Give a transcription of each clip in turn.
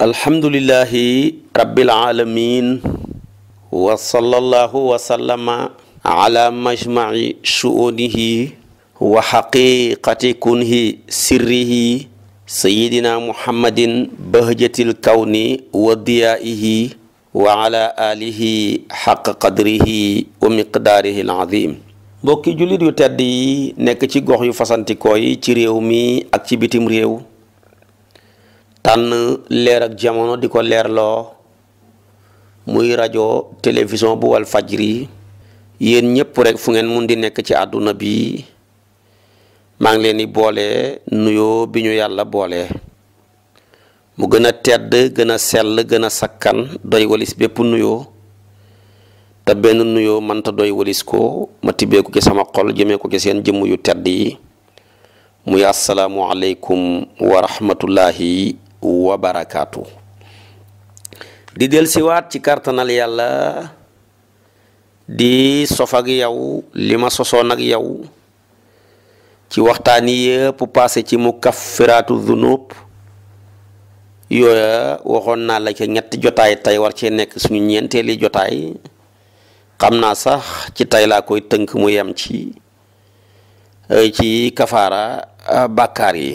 alhamdulillahi rabbil alamin wa sallallahu wa sallama ala majmaci shuunihi wa xaqiqati kunhi sirrihi sayidina muhammadin bahjatil kawni wa diyaihi wa ala alihi xaq qadrihi wa miqdaarihi alazim mbokki jullit yu tedd yi nekk ci gox yu fasantikoo yi ci réew mi ak ci bitim réew tànn leer ak jamono di ko leerloo muy rajo télévision bu wal fajri yéen ñëpp rek fu ngeen mun di nekk ci àdduna bi maa ngi leen di boole nuyoo bi ñu yàlla boole mu gën a tedd gën a sell gën a sakkan doy walis bépp nuyoo te benn nuyoo mënta doy walis ko ma tibbee ko ci sama xol jëmee ko ci seen jëmm yu tedd yi muy asalaamualeykum wa rahmatullahi wa barakaatu di dellusiwaat ci kartanal yàlla di sof ak yow li ma sosoon ak yow ci waxtaan yi yëpp passé ci mu kaffiraatu dunub yooya waxoon naa la ci ñetti jotaay tey war cee nekk suñu ñeenteeli jotaay xam naa sax ci tey laa koy tënk mu yem ci ci kafaara bàkkaar yi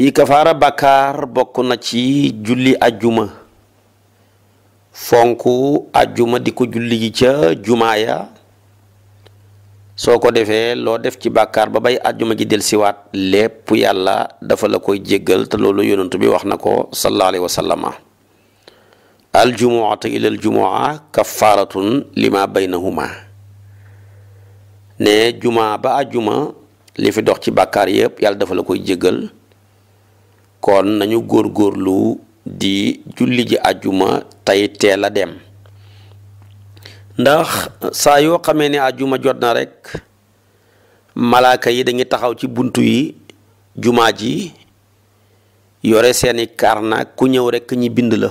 yi kafaara bàkkaar bokk na ci julli ajuma fonk ajjuma di ko julli ji ca ya soo ko defee loo def ci bàkkaar ba bay ajjuma ji del siwaat lépp yàlla dafa la koy jéggal te loolu yonentu bi wax na ko sallallahu alayhi wa sallama aljumuata ila aljumua kafaratun lima baynahuma ne juma ba ajuma li fi dox ci bàkkaar yépp yàlla dafa la koy jéggal kon nañu góor góorlu di julli ji ajuma tey teel a dem ndax saa yoo xamee ne ajuma jot na rekk malaaka yi dañuy taxaw ci bunt yi jumaa ji yore seeni karna ku ñëw rekk ñi bind la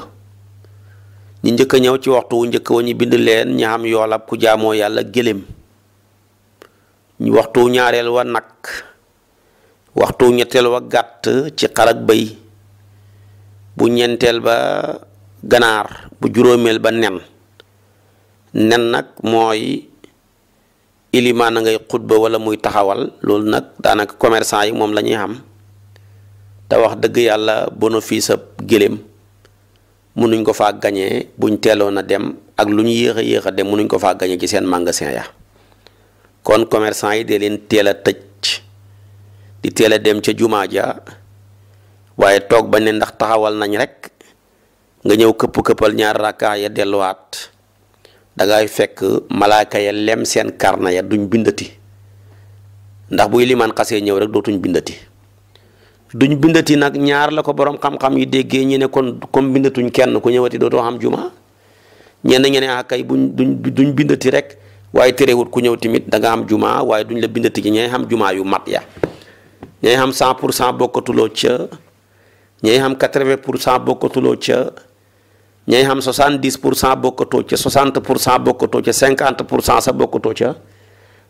ñi njëkk ñëw ci waxtu wu njëkk wa ñu bind leen ñaam am yoolab ku jaamoo yàlla gëléem ñu waxtu ñaareel wa nag waxtu ñetteel wa gàtt ci xar ak bëy bu ñeenteel ba ganaar bu juróomeel ba nen nen nag mooy iliment na ngay xutba wala muy taxawal loolu nag daanaka commerçant yi moom la ñuy xam te wax dëgg yàlla bénéfice ab gëléem nuñ ko faa gañe buñ teeloon a dem ak lu ñu yéex a yéex a dem mënuñ ko faa gañee ci seen magasin ya kon commerçant yi dee leen teel a tëj di teel a dem ca jumaa ja waaye toog ba ne ndax taxawal nañ rek nga ñëw këpp-këppal ñaar rakkaa ya delluwaat dangay fekk malaaka ya lem seen karna ya duñ bindati ndax buy limaan xasee ñëw rek dootuñ bindati duñ bindati nag ñaar la ko borom xam-xam yi déggee ñu ne kon comme bindatuñ kenn ku ñëwati dootoo xam juma ñenn ñe ne ah buñ duñ duñ bindati rek waaye terewut ku ñëw tamit da nga am juma waaye duñ la bindati ci ñay am juma yu mat ya ñay am cent pour cent bokkatuloo ca ñay xam 80 pour cent bokkatuloo ca ñay xam 70 pour cent bokkatoo ca 60 pour cent bokkatoo ca cinquante pour cent sa bokkatoo ca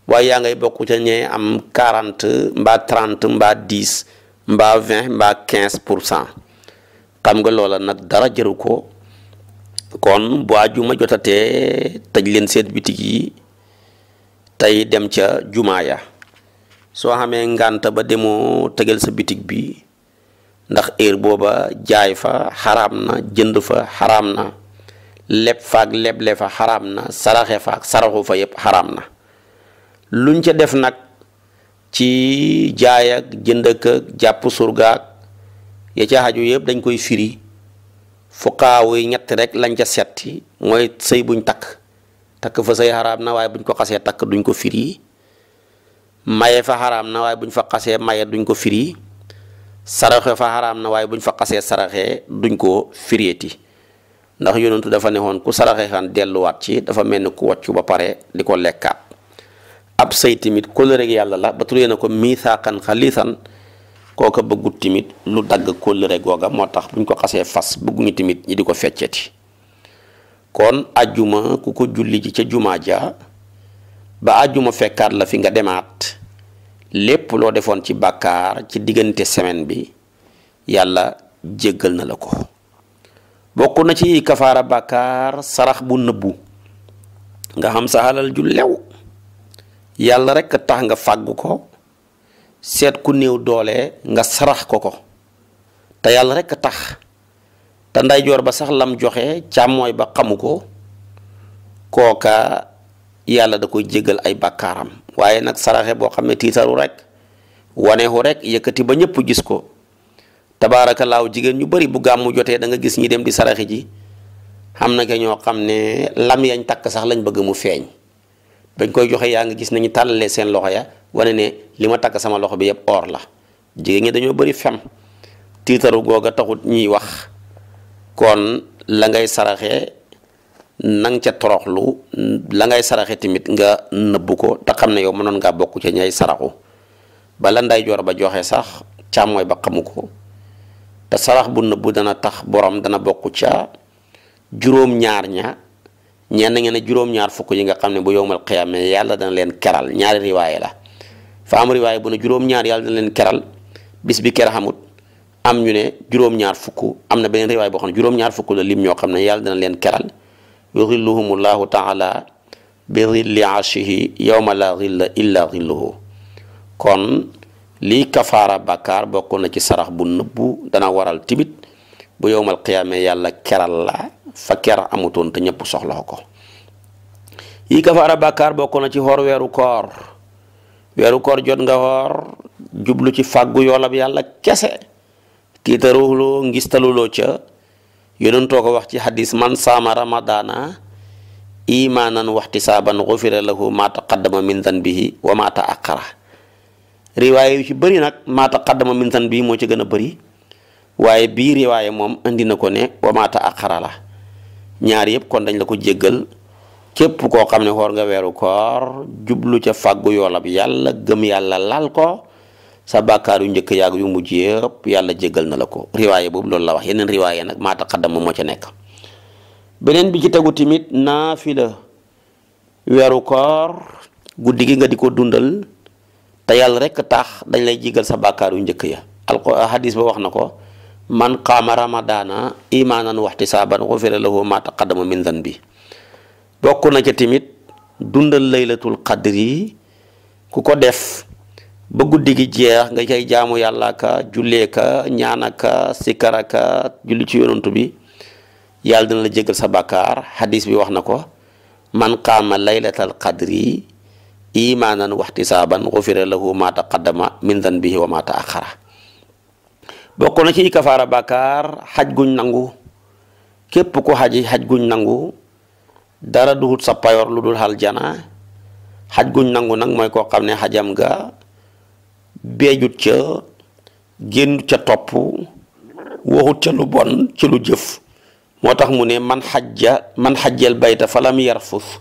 waaye yaa ngay bokk ca ñay am 40 mbaa trente mbaa 10 mbaa vingt mbaa quinze pour cent xam nga loola nag dara jëru ko kon bu àjjuma jotatee tëj leen seen bitig yi tey dem ca jumaa ya soo xamee ngànta ba demoo tegal sa bitig bi ndax heure booba jaay fa xaram na jënd fa xaram na leb faak leble fa xaraam na saraxe faak saraxu fa yépp xaraam na luñ ca def nag ci jaay ak ak jàpp surgaak ya ca xaju yëpp dañ koy firi fuqaaw yi ñett rek lañ ca setti mooy sëy buñ takk takk fa sëy xaraam na waaye buñ ko xasee takk duñ ko firi maye fa xaraam na waaye buñ fa xasee maye duñ ko firi saraxe fa xaraam na waaye buñ fa xasee saraxee duñ ko firieti ndax yonentu dafa ne ku saraxe xan delluwaat ci dafa mel ni ku wàccu ba pare di ko lekkaat ab sëy tamit kóllëreeg yàlla la ba turee na ko miisaakan xaliisan kooka bëggut tamit lu dagg kóllëre googa moo tax buñ ko xasee fas bëgguñu tamit ñi di ko fecceti kon ajjuma ku ko julli ji ca jumaa ja ba àjjuma fekkaat la fi nga demaat lépp loo defoon ci bàkkaar ci diggante semaine bi yàlla jéggal na la ko bokk na ci kafaara bàkkaar sarax bu nëbbu nga xam sa alal ju lew yàlla rekk tax nga fàgg ko seet ku néew doole nga sarax ko ko te yàlla rekk tax te ndeyjoor ba sax lam joxe càmmooy ba xamu ko kooka yàlla da koy jéggal ay bàkkaaram waaye nag saraxe boo xam ne tiitaru rek waneexu rek yëkkati ba ñëpp gis ko tabaarakallaahu jigéen ñu bari bu gàmmu jotee da nga gis ñi dem di saraxe ji am na ke ñoo xam ne lam yañ takk sax lañ bëgg mu feeñ bañ koy joxe yaa nga gis nañu tàllalee seen loxo ya wane ne li ma takk sama loxo bi yëpp or la jigéen ñi dañoo bari fem tiitaru googa taxut ñiy wax kon la ngay saraxe na nga ca toroxlu la ngay saraxe tamit nga nëbbu ko te xam ne yow mënoon ngaa bokku ca ñay saraxu bala nday joor ba joxe sax càmmooy ba xamu ko te sarax bu nëbbu dana tax borom dana bokk ca juróom-ñaar ña ñenn ngeen ne juróom-ñaar fukk yi nga xam ne bu yowmal xiyaame yàlla dana leen keral ñaari riwaaye la fa am riwaaye bu ne juróom-ñaar yàlla dana leen keral bis bi ker xamut am ñu ne juróom-ñaar fukk am na beneen riwaay boo xam ne juróom-ñaar fukk la lim ñoo xam ne yàlla dana leen keral yudilluhum allahu taala bi dilli arshihi yowma la dilla illa dilluhu kon lii kafaara bàkkaar bokk na ci sarax bu nëbbu dana waral timit bu yowmal qiyaamee yàlla keral la fa ker amutoon te ñëpp soxla ko yi kafaara bàkkaar bokk na ci xoor weeru koor weeru koor jot nga xoor jublu ci fàggu yoolab yàlla kese tiitaruuloo ngistaluloo ca yonentoo ko wax ci xadis man saama ramadana imaanan waxtisaaban gufira lahu maa taqaddama min zanbihi wa maa taaqara riwaaye yu ci bëri nag maa taqaddama min zanbihi moo ci gën a bëri waaye bii riwaaye moom indi na ko ne wa maa taaqara ñaar yëpp kon dañ la ko jéggal képp koo xam ne xoor nga weeru koor jublu ca fàggu yoolab yàlla gëm yàlla lal ko sa bàkkaar yu njëkk yaag yu mujj yëpp yàlla jegal na la ko riwaaye boobu loolu la wax yeneen riwaaye nag maa taqaddam moo ca nekk beneen bi ci tegu tamit naafila weeru koor guddi gi nga di ko dundal te yàlla rek tax dañ lay jéggal sa bàkkaar njëkk ya alqo hadis ba wax na ko man qaama ramadaana imaanan waxtisaaban xufira lahu maa taqaddama min dan bi bokk na ca tamit dundal laylatul qadri ku ko def ba guddi gi jeex nga koy jaamu yàlla ka jullee ka ñaana ka julli ci yonantu bi yàlla dina la jégal sa bàkkaar hadis bi wax na ko man qaama laylatal qadri imaanan waxtisaaban xufira lahu ma taqaddama min danbihi wa ma taaxara bokk na ci kafaara bàkkaar xaj guñ nangu képp ku xaji xaj guñ nangu dara duhut sa payoor lu dul aljana xaj guñ nangu nag mooy koo xam ne xajam ga beejut ca génn ca topp waxut ca lu bon ci lu jëf moo tax mu ne man xajja man xajjal bayta fa lam yarfus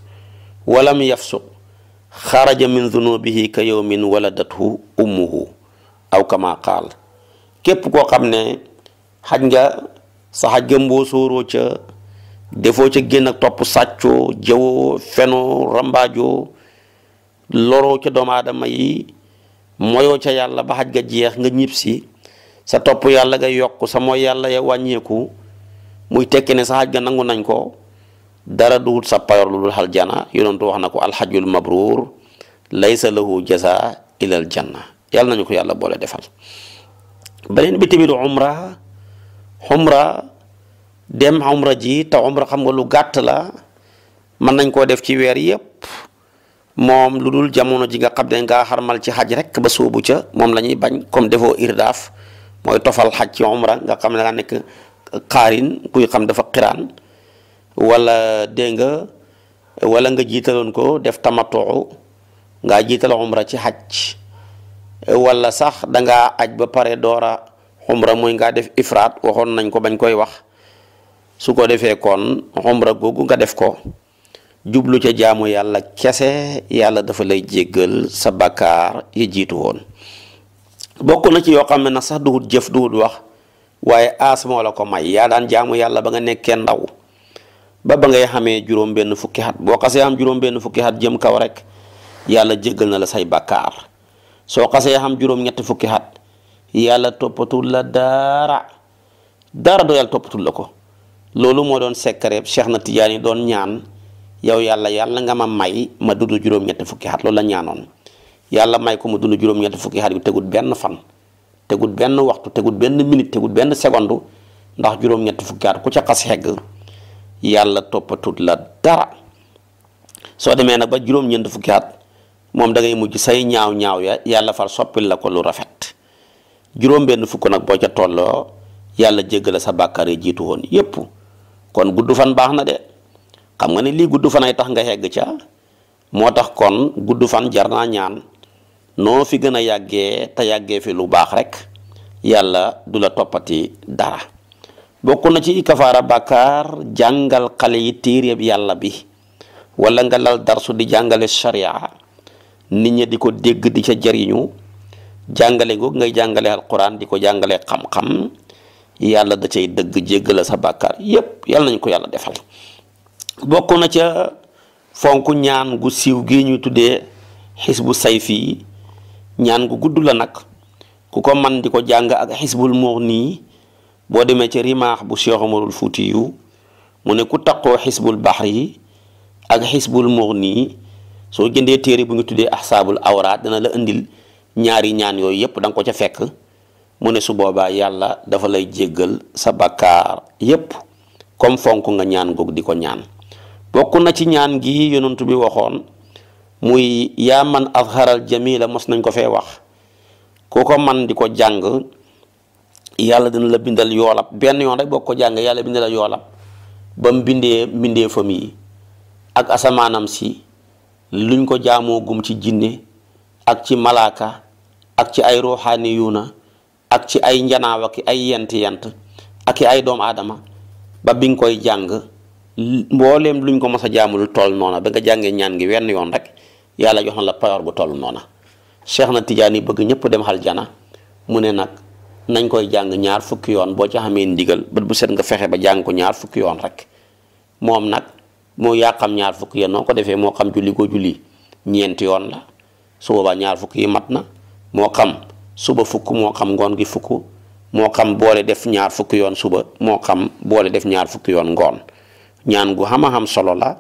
walam yafsuq xaraja min zunubihi ka yowmin waladathu ummuhu aw kama képp koo xam ne xaj nga sa xaj nga mboosóoroo ca defoo ca génn topp sàccoo jëwoo fenoo rambaajoo loroo ca doomu aadama yi mooy ca yàlla ba xaj ga jeex nga ñibbisi sa topp yàlla ga yokk sa mooy yàlla ya wàññeeku muy tekki ne sa xaj ga nangu nañ ko dara duwut sa payor lu dul aljana wax na ko alxajul mabruur laysa lahu jaza ilal janna yàlla nañu ko yàlla boole defal beneen bi tamit umra umra dem umra ji te umra xam nga lu gàtt la mën nañ koo def ci weer yépp moom lu dul jamono ji nga xam ne ngaa xarmal ci xaj rek ba sóobu ca moom la ñuy bañ comme defoo irdaaf mooy tofal xaj ci umra nga xam ne daa nekk xaarin kuy xam dafa xiraan walla dégg nga wala nga jiitaloon ko def tamatoo ngaa jiital umra ci xaj wala sax danga aj ba pare doora umra mooy ngaa def ifraat waxoon nañ ko bañ koy wax su ko defee kon umra googu nga def ko jublu ca jaamu yàlla kese yàlla dafa lay jéggal sa bakkaar ya jiitu woon bokk na ci yoo xam ne nag sax duhut jëf duhut wax waaye aas moo la ko may yaa daan jaamu yàlla ba nga nekkee ndaw ba ba ngay xamee juróom-benn fukki xat boo xasee xam juróom-benn fukki xat rek yàlla jéggal na la say bakkaar soo xasee xam juróom-ñetti fukki xat yàlla toppatul la dara dara do yàlla toppatul la ko loolu moo doon sekkareeb Cheikh na Tidiane doon ñaan. yow yàlla yàlla nga ma may ma dund juróom-ñetti fukki at loolu la ñaanoon yàlla may ko ma dund juróom-ñetti fukki at yu tegut benn fan tegut benn waxtu tegut benn minute tegut benn seconde ndax juróom-ñetti fukki at ku ca xas xegg yàlla toppatut la dara soo demee nag ba juróom-ñeent fukki at moom dangay mujj say ñaaw-ñaaw ya yàlla far soppil la ko lu rafet juróom-benn fukk nag boo ca tolloo yàlla jéggal sa bàkkaar yi jiitu woon yépp kon xam nga ni lii gudd fanay tax nga xegg ca moo tax kon gudd fan jar naa ñaan noo fi gën a yàggee te yàggee fi lu baax rek yàlla du la toppati dara bokk na ci kafaara bàkkaar jàngal xale yi téeréb yàlla bi wala nga lal darsu di jàngale sharia nit ñi di ko dégg di ca jariñu jàngale googu ngay jàngale alquran di ko jàngale xam-xam yàlla da cay dëgg jéggal sa bàkkaar yépp yàlla nañ ko yàlla defal bokk na ca fonk ñaan gu siiw gi ñu tuddee bu xisbu fii ñaan gu gudd la nag ku ko man di ko jàng ak bul xisbul nii boo demee ca rimaax bu Cheikh Omarul Fuuti yu mu ne ku taqoo xisbul baxri ak bul xisbul nii soo jëndee téere bu ñu tuddee ahsaabul awraat dana la indil ñaari ñaan yooyu yépp danga ko ca fekk mu ne su boobaa yàlla dafa lay jéggal sa bakkaar yépp comme fonk nga ñaan goog di ko ñaan bokk na ci ñaan gi yonantu bi waxoon muy yaa man azharal jamila mos nañ ko fee wax ku ko man di ko jàng yàlla dina la bindal yoolab benn yoon rek boo ko jàng yàlla bindal la yoolab ba mu bindee mbindee fam ak asamaanam si luñ ko jaamoo gum ci jinne ak ci malaaka ak ci ay ruuxaani yuuna ak ci ay njanaaw ak ay yent yent ak ay doomu aadama ba bi nga koy jàng mbooleem luñ ko mos a jaamul toll noona ba nga jàngee ñaan gi wenn yoon rek yàlla jox na la payoor bu toll noona Cheikh na Tijaan yi bëgg ñëpp dem aljana mu ne nag nañ koy jàng ñaar fukki yoon boo ci xamee ndigal bët bu set nga fexe ba jàng ko ñaar fukki yoon rek moom nag moo yaa xam ñaar fukki yoon noo ko defee moo xam julli koo julli ñeenti yoon la su boobaa ñaar fukki yi mat na moo xam suba fukk moo xam ngoon gi fukk moo xam boole def ñaar fukki yoon suba moo xam boole def ñaar fukki yoon ngoon ñaan gu xam a xam solo la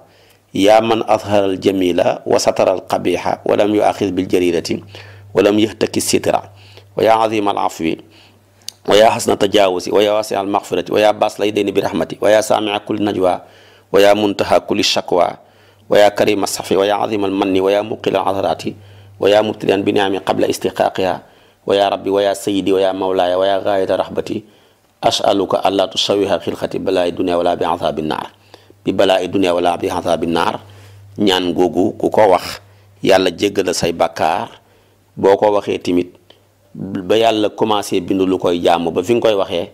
yaa man azharal jamila wa sataral qabiha wa lam yuaxis bil jarirati wa lam yëhtaki sitra wa yaa azima al afwi wa yaa xasna tajawusi wa yaa wasia al maxfirati wa yaa baas lay deni bi rahmati wa yaa saamia kulli najwa wa yaa muntaha kulli shakwa wa yaa karima safi wa yaa azima al manni wa yaa muqila al azrati wa yaa mubtilian bi niami qabla istiqaaqiha wa yaa rabbi wa yaa sayidi wa yaa mawlaaya wa yaa gaayata rahbati asaluka allaa tusawiha xilxati balaay dunia wala bi azabi naar bi balaa i dunya wala bi bi naar ñaan googu ku ko wax yàlla jéggala say bàkkaar boo ko waxee tamit ba yàlla commencé bind lu koy jaamu ba fi nga koy waxee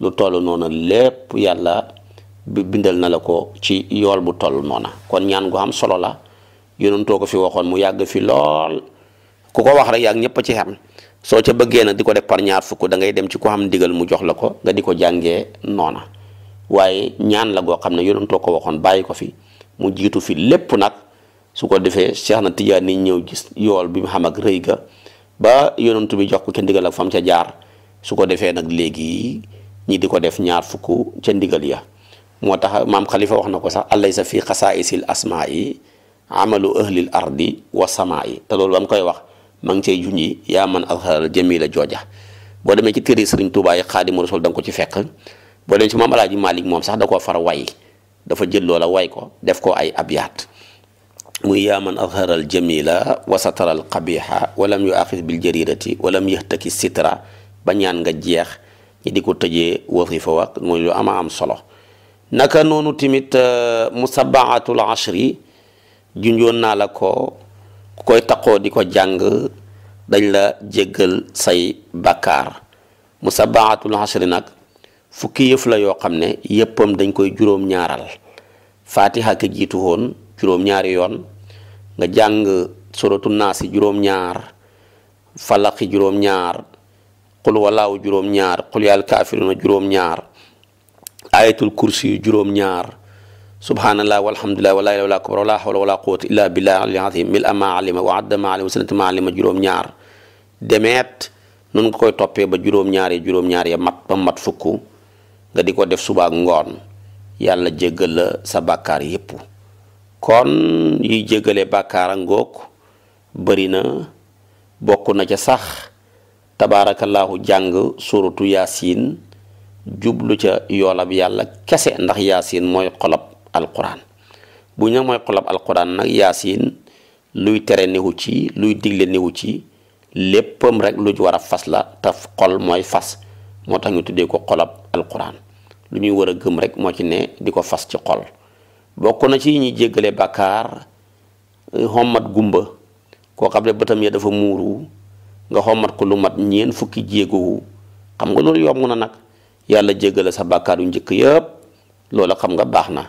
lu toll noona lépp yàlla bindal na la ko ci yool bu toll noona kon ñaan gu am solo la yonentoo ko fi waxoon mu yàgg fi lool ku ko wax rek yàgg ñëpp ci xam soo ca bëggee nag di ko def par ñaar fukk da ngay dem ci ku xam ndigal mu jox la ko nga di ko jàngee noona waaye ñaan la goo xam ne yonantoo ko waxoon bàyyi ko fi mu jiitu fi lépp nag su ko defee Cheikh na Tijaan ni ñëw gis yool bi mu xam ak rëy ga ba yonantu bi jox ko ca ndigal ak ca jaar su ko defee nag léegi ñi di ko def ñaar fukk ca ndigal ya moo tax maam xalifa wax na ko sax alaysa fi xasaa'isil asmaa yi amalu ahlil ardi wa samaa yi te loolu ba mu koy wax ma ngi cay junji yaa man alxalal jamila jooja boo demee ci téere Sëriñ Tuubaa yi Xaadimu Rasuul da nga ko ci fekk boo dem ci maam alaaji Malick moom sax da koo far way dafa jël loola way ko def ko ay abyaat muy yaaman azhara al jamila wa satara al qabiha walam yu axis bil jarirati walam yëxtaki sitra ba ñaan nga jeex ñi di ko tëjee wasifa wa muy lu ama am solo naka noonu tamit euh, musabaatul ashri junjoon naa la ko koy taqoo di ko jàng dañ la jéggal say bakkaar musabaatul ashri nag fukki yëf la yoo xam ne yëppam dañ koy juróom-ñaaral fatiha ka jiitu woon juróom-ñaari yoon nga jàng suratu naasi juróom-ñaar falaqi juróom-ñaar qul walaahu juróom-ñaar qul yal kaafiruna juróom-ñaar ayatul kursi juróom-ñaar subhanallah walhamdulilah wala ilaha illa akbar wala hawla wala mil ama alima wa adda ma alima sanata juróom-ñaar demeet nun nga koy toppee ba juróom-ñaar juróom-ñaar mat mat fukk nga di ko def suba ak ngoon yàlla jéggal la sa bàkkaar yépp kon yuy jéggale bàkkaar a ngoog bëri na bokk na ca sax tabaarakallaahu jàng suratu yaasin jublu ca yoolab yàlla kese ndax yaasin mooy xolab alquran bu ñu mooy xolab alquran nag yaasin luy tere newu ci luy digle newu ci léppam rek lu war a fas la te xol mooy fas moo tax ñu tuddee ko xolab alquran lu ñuy war a gëm rek moo ci ne di ko fas ci xol bokk na ci ñi jéggale bàkkaar eh, xommat gumba koo xam ne bëtam ya dafa muuru nga xommat ko lu mat ñeen fukki jéego xam nga loolu yomb na nag yàlla jéggale sa bàkkaar yu njëkk yëpp loola xam nga baax na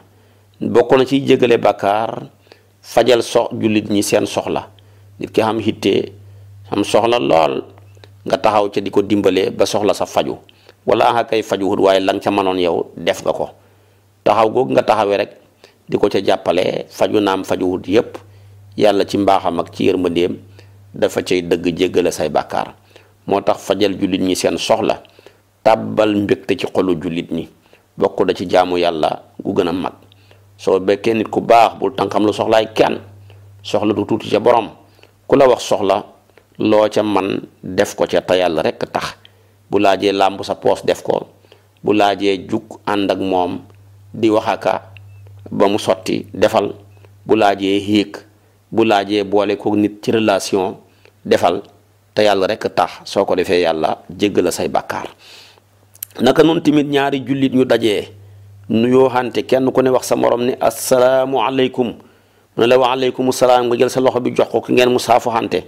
bokk na ci jéggale bàkkaar fajal sox jullit ñi seen soxla nit ki xam xitte am soxla lool nga taxaw ca di ko dimbalee ba soxla sa faju wala anga kay fajuwut waaye la nga ca manoon yow def nga ko taxaw googu nga taxawee rek di ko ca jàppale faju naam fajuwut yépp yàlla ci mbaaxam ak ci yërmandeem dafa cay dëgg jéggale say bàkkaar moo tax fajal jullit ñi seen soxla tàbbal mbégte ci xolu jullit ñi bokk da ci jaamu yàlla gu gën a mag soo bekkee nit ku baax bul tànkam lu soxlaay kenn soxla du tuuti ca borom ku la wax soxla loo ca man def ko ca te yàlla rekk tax bu laajee làmb sa poos def ko bu laajee jug ànd ak moom di waxaka ba mu sotti defal bu laajee hiig bu laajee boole kook nit ci relation defal te yàlla rekk tax soo ko defee yàlla jéggal la say bàkkaar naka noonu tamit ñaari jullit ñu dajee nuyoo xante kenn ku ne wax sa morom ni asalaamualeykum mu ne la wa aleykum salaam nga jël sa loxo bi jox ko ki ngeen mu saafu xante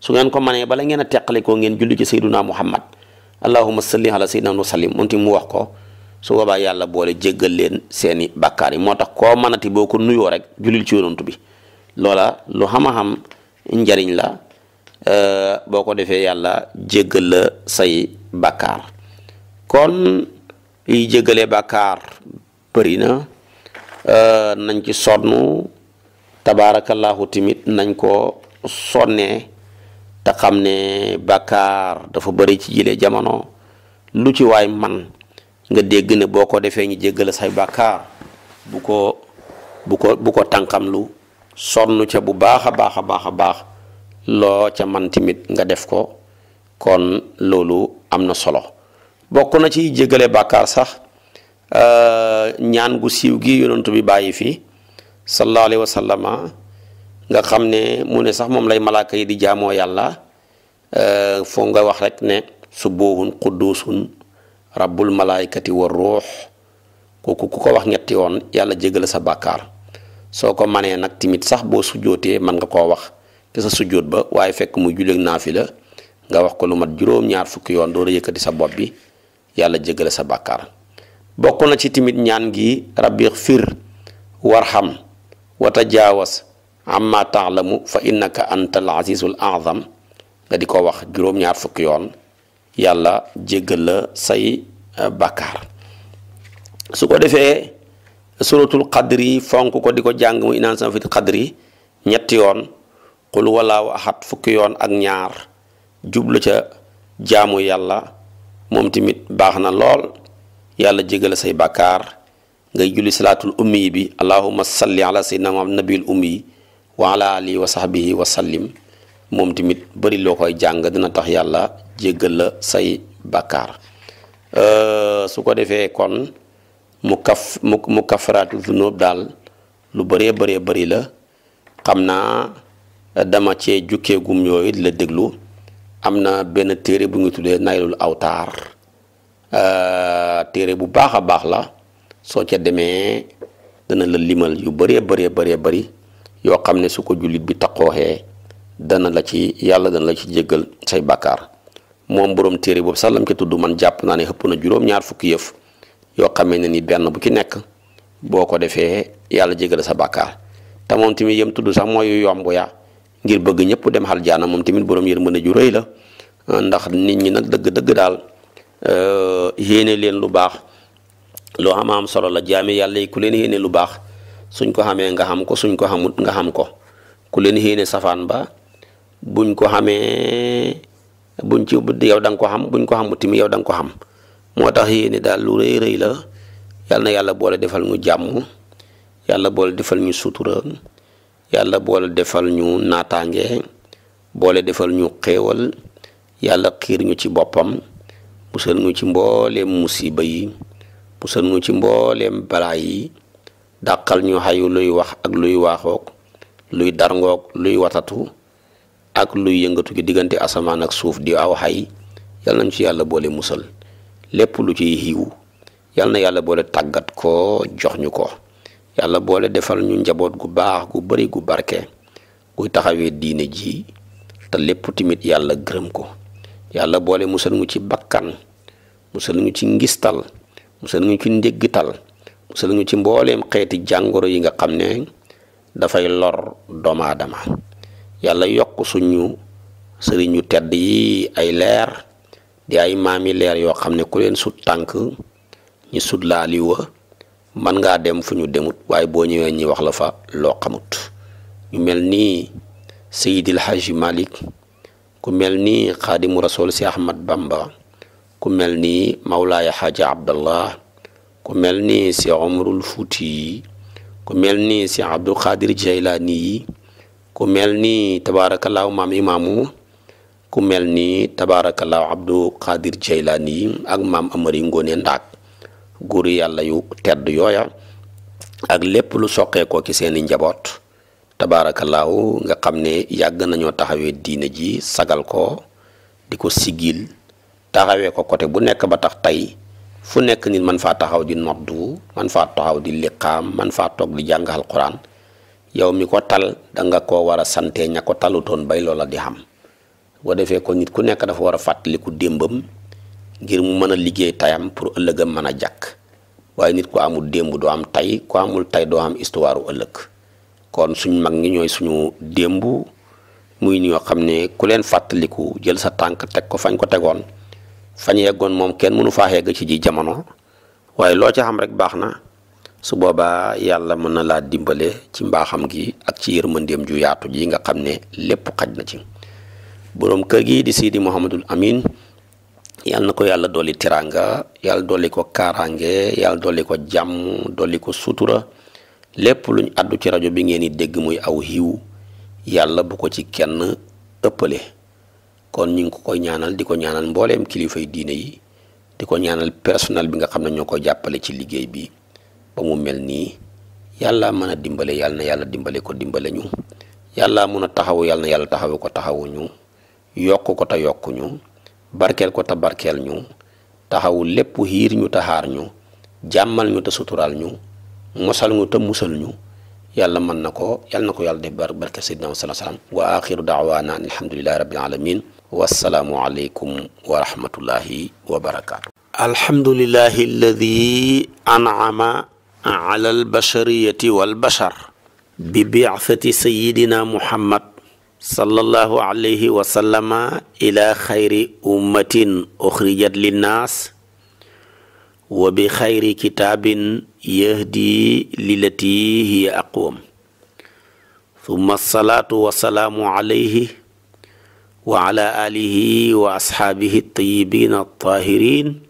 su ngeen ko manee bala ngeen a teqalikoo ngeen julli ci sayduna muhammad allahuma salli ala sayyidina wa sallim moom tamit mu wax ko su boobaa yàlla boole jéggal leen seeni bàkkaar yi moo tax koo mënati boo ko nuyoo rek julil ci yonantu bi loola lu xam-xam njariñ la euh, boo ko defee yàlla jéggal la say bàkkaar kon yi jéggalee bàkkaar bëri na euh, nañ ci sonn tabaarakallaahu tamit nañ ko sonnee te xam ne bàkkaar dafa bëri ci jile jamono lu ci waay man nga dégg ne boo ko defee ñu jéggale say bàkkaar bu ko bu ko bu ko tànkam lu sonn ca bu baax a baax a baax a baax loo ca man tamit nga def ko kon loolu am na solo bokk na ci jéggale bàkkaar sax euh, ñaan gu siiw gi yonentu bi bàyyi fi sallallahu alayhi wa nga xam ne mu ne sax moom lay malaaka yi di jaamoo yàlla euh, foog nga wax rek ne subuhun quddusun rabbul malaaykati wa ruux kooku ku ko wax ñetti yoon yàlla jégal sa bàkkaar soo ko manee nag timit sax boo sujjootee man nga koo wax ci sa sujjoot ba waaye fekk mu fi la nga wax ko lu mat juróom-ñaar fukki yoon door a sa bopp bi yàlla jégal sa bàkkaar bokk na ci timit ñaan gi rabbi fir warham wata jaawas amma taalamu fa innaka anta al azizul azam nga di ko wax juróom-ñaar fukki yoon yàlla jéggal la say euh, bàkkaar su ko defee suratul qadri fonk ko di ko jàng mu inaan sama fitil qadri ñetti yoon xul walaaw axat fukki yoon ak ñaar jublu ca jaamu yàlla moom tamit baax na lool yàlla jéggal say bàkkaar ngay julli salaatul ummi bi allahumma salli ala sayyidina muhammad nabiyil ummi wa ala alihi wa sahbihi wa moom tamit bari loo koy jàng dana tax yàlla jéggal la say bàkkaar euh, su ko defee kon mu kaf mu mu kafaraatu zunub daal lu baree bëree bari la xam naa dama cee jukkeegum yooyu di la déglu am na benn téere bu ngi tuddee naylul awtaar euh, téere bu baax a baax la soo ca demee dana la limal yu bëree baree baree bari yoo xam ne su ko jullit bi taqooxee dana la ci yàlla dana la ci jéggal say bakkaar moom borom téere boobu sax lam ca tudd man jàpp naa ne xëpp na juróom-ñaar fukki yëf yoo xamee ne ni benn bu ci nekk boo ko defee yàlla jéggal sa bàkkaar te moom tamit yem tudd sax mooy yu yomb ya ngir bëgg ñëpp dem aljaana moom tamit borom yërmande ju rëy la ndax nit ñi nag dëgg-dëgg daal euh, yéene leen lu baax loo am am solo la jaame yàlla yi ku leen yéene lu baax suñ ko xamee nga xam ko suñ ko xamut nga xam ko ku leen xéene safaan ba buñ ko xamee buñ ci yow danga nga ko xam buñ ko xamut tamit yow da nga ko xam moo tax yéene daal lu rëy rëy la yàlla na yàlla boole defal ñu jàmm yàlla boole defal ñu sutura yàlla boole defal ñu nataange boole defal ñu xéewal yàlla xiir ñu ci boppam musal ñu ci mbooleem musiba yi musal ñu ci mbooleem balaa yi dàqal ñu xayu luy wax ak luy waaxook luy darngook luy watatu ak luy yëngatu ci diggante asamaan ak suuf di aw xay yal nañ ci yàlla boole musal lépp lu ciy xiiw yal na yàlla boole tàggat ko jox ñu ko yàlla boole defal ñu njaboot gu baax gu bari gu barke guy taxawee diine ji te lépp timit yàlla gërëm ko yàlla boole musal ñu ci bakkan musal ñu ci ngistal musal ñu ci ndéggital musal ñu ci mbooleem xeeti jàngoro yi nga xam ne dafay lor doomu aadama yàlla yokk suñu sëriñ yu tedd yi ay leer di ay maami leer yoo xam ne ku leen sut tànk ñi sut laa liwa mën ngaa dem fu ñu demut waaye boo ñëwee ñi wax la fa loo xamut ñu mel nii Seydil Hajji Malik ku mel nii xaadimu rasul si Ahmad Bamba ku mel nii Mawlaaya Xaaji Abdallah ku mel ni si Omarul Fuuti ku mel ni si Abdul Xaadir Jaylaani yi ku mel ni tabaarakallaahu maam imaamu ku mel ni tabaarakallaahu Abdul Xaadir Jaylaani ak maam Amari Ngoone Ndaak góor yàlla yu tedd yooya ak lépp lu soqeekoo ci seeni njaboot tabaraka tabaarakallaahu nga xam ne yàgg nañoo taxawee diine ji sagal ko di ko sigil taxawee ko côté bu nekk ba tax tey fu nekk nit man faa taxaw di noddu man faa taxaw di liqaam man faa toog di jàng alquran yow mi ko tal da nga koo war a santee ña ko talutoon bay loola di xam boo defee ko nit ku nekk dafa war a fàttaliku démbam ngir mu mën a liggéey tayam pour ëllëgam mën a jàkk waaye nit ku amul démb doo am tey ku amul tey doo am histoire ëllëg kon suñ mag ngi ñooy suñu démb muy ñoo xam ne ku leen fàttaliku jël sa tànk teg ko fañ ko tegoon fañ yeggoon moom kenn mënu faa yegg ci ji jamono waaye loo ci xam rek baax na su boobaa yàlla mën na laa dimbale ci mbaaxam gi ak ci yërmandeem ju yaatu ji nga xam ne lépp xaj na ci boroom kër gi di siidi Mouhamadul Amin yàlla na ko yàlla dolli tiraanga yàlla dolli ko kaaraange yàlla dolli ko jàmm dolli ko sutura lépp luñ àddu ci rajo bi ngeen di dégg muy aw hiw yàlla bu ko ci kenn ëppale kon ñu ngi ko koy ñaanal di ko ñaanal mbooleem kilifay diine yi di ko ñaanal personnel bi nga xam ne ñoo ko jàppale ci liggéey bi ba mu mel nii yàlla mën a dimbale yàlla na yàlla dimbale ko dimbale ñu yàlla mën a taxawu yàlla yàlla taxawu ko taxawuñu ñu yokk ko te yokk barkeel ko te barkeel ñu taxawu lépp xiir ñu taxaar ñu jàmmal ñu te suturaal ñu mosal ñu te musal ñu yàlla mën na ko yàlla de ko yàlla def barke sayyidina wa salaam wa axiru daawaana alhamdulillahi rabbil alamin wasalaamualeykum wa rahmatullahi wa barakaatu. alhamdulilahi alladi an'ama ala albashariyati walbashar bi bi'athati sayidina muhammad sallallahu alayhi wa sallama ila xayri ummatin uxrijat linnaas wa bi xayri kitaabin yahdi lilati hiya aqwam summa salaatu wasalaamu alayhi wa ala alihi wa asxaabihi tayibiin attaahirin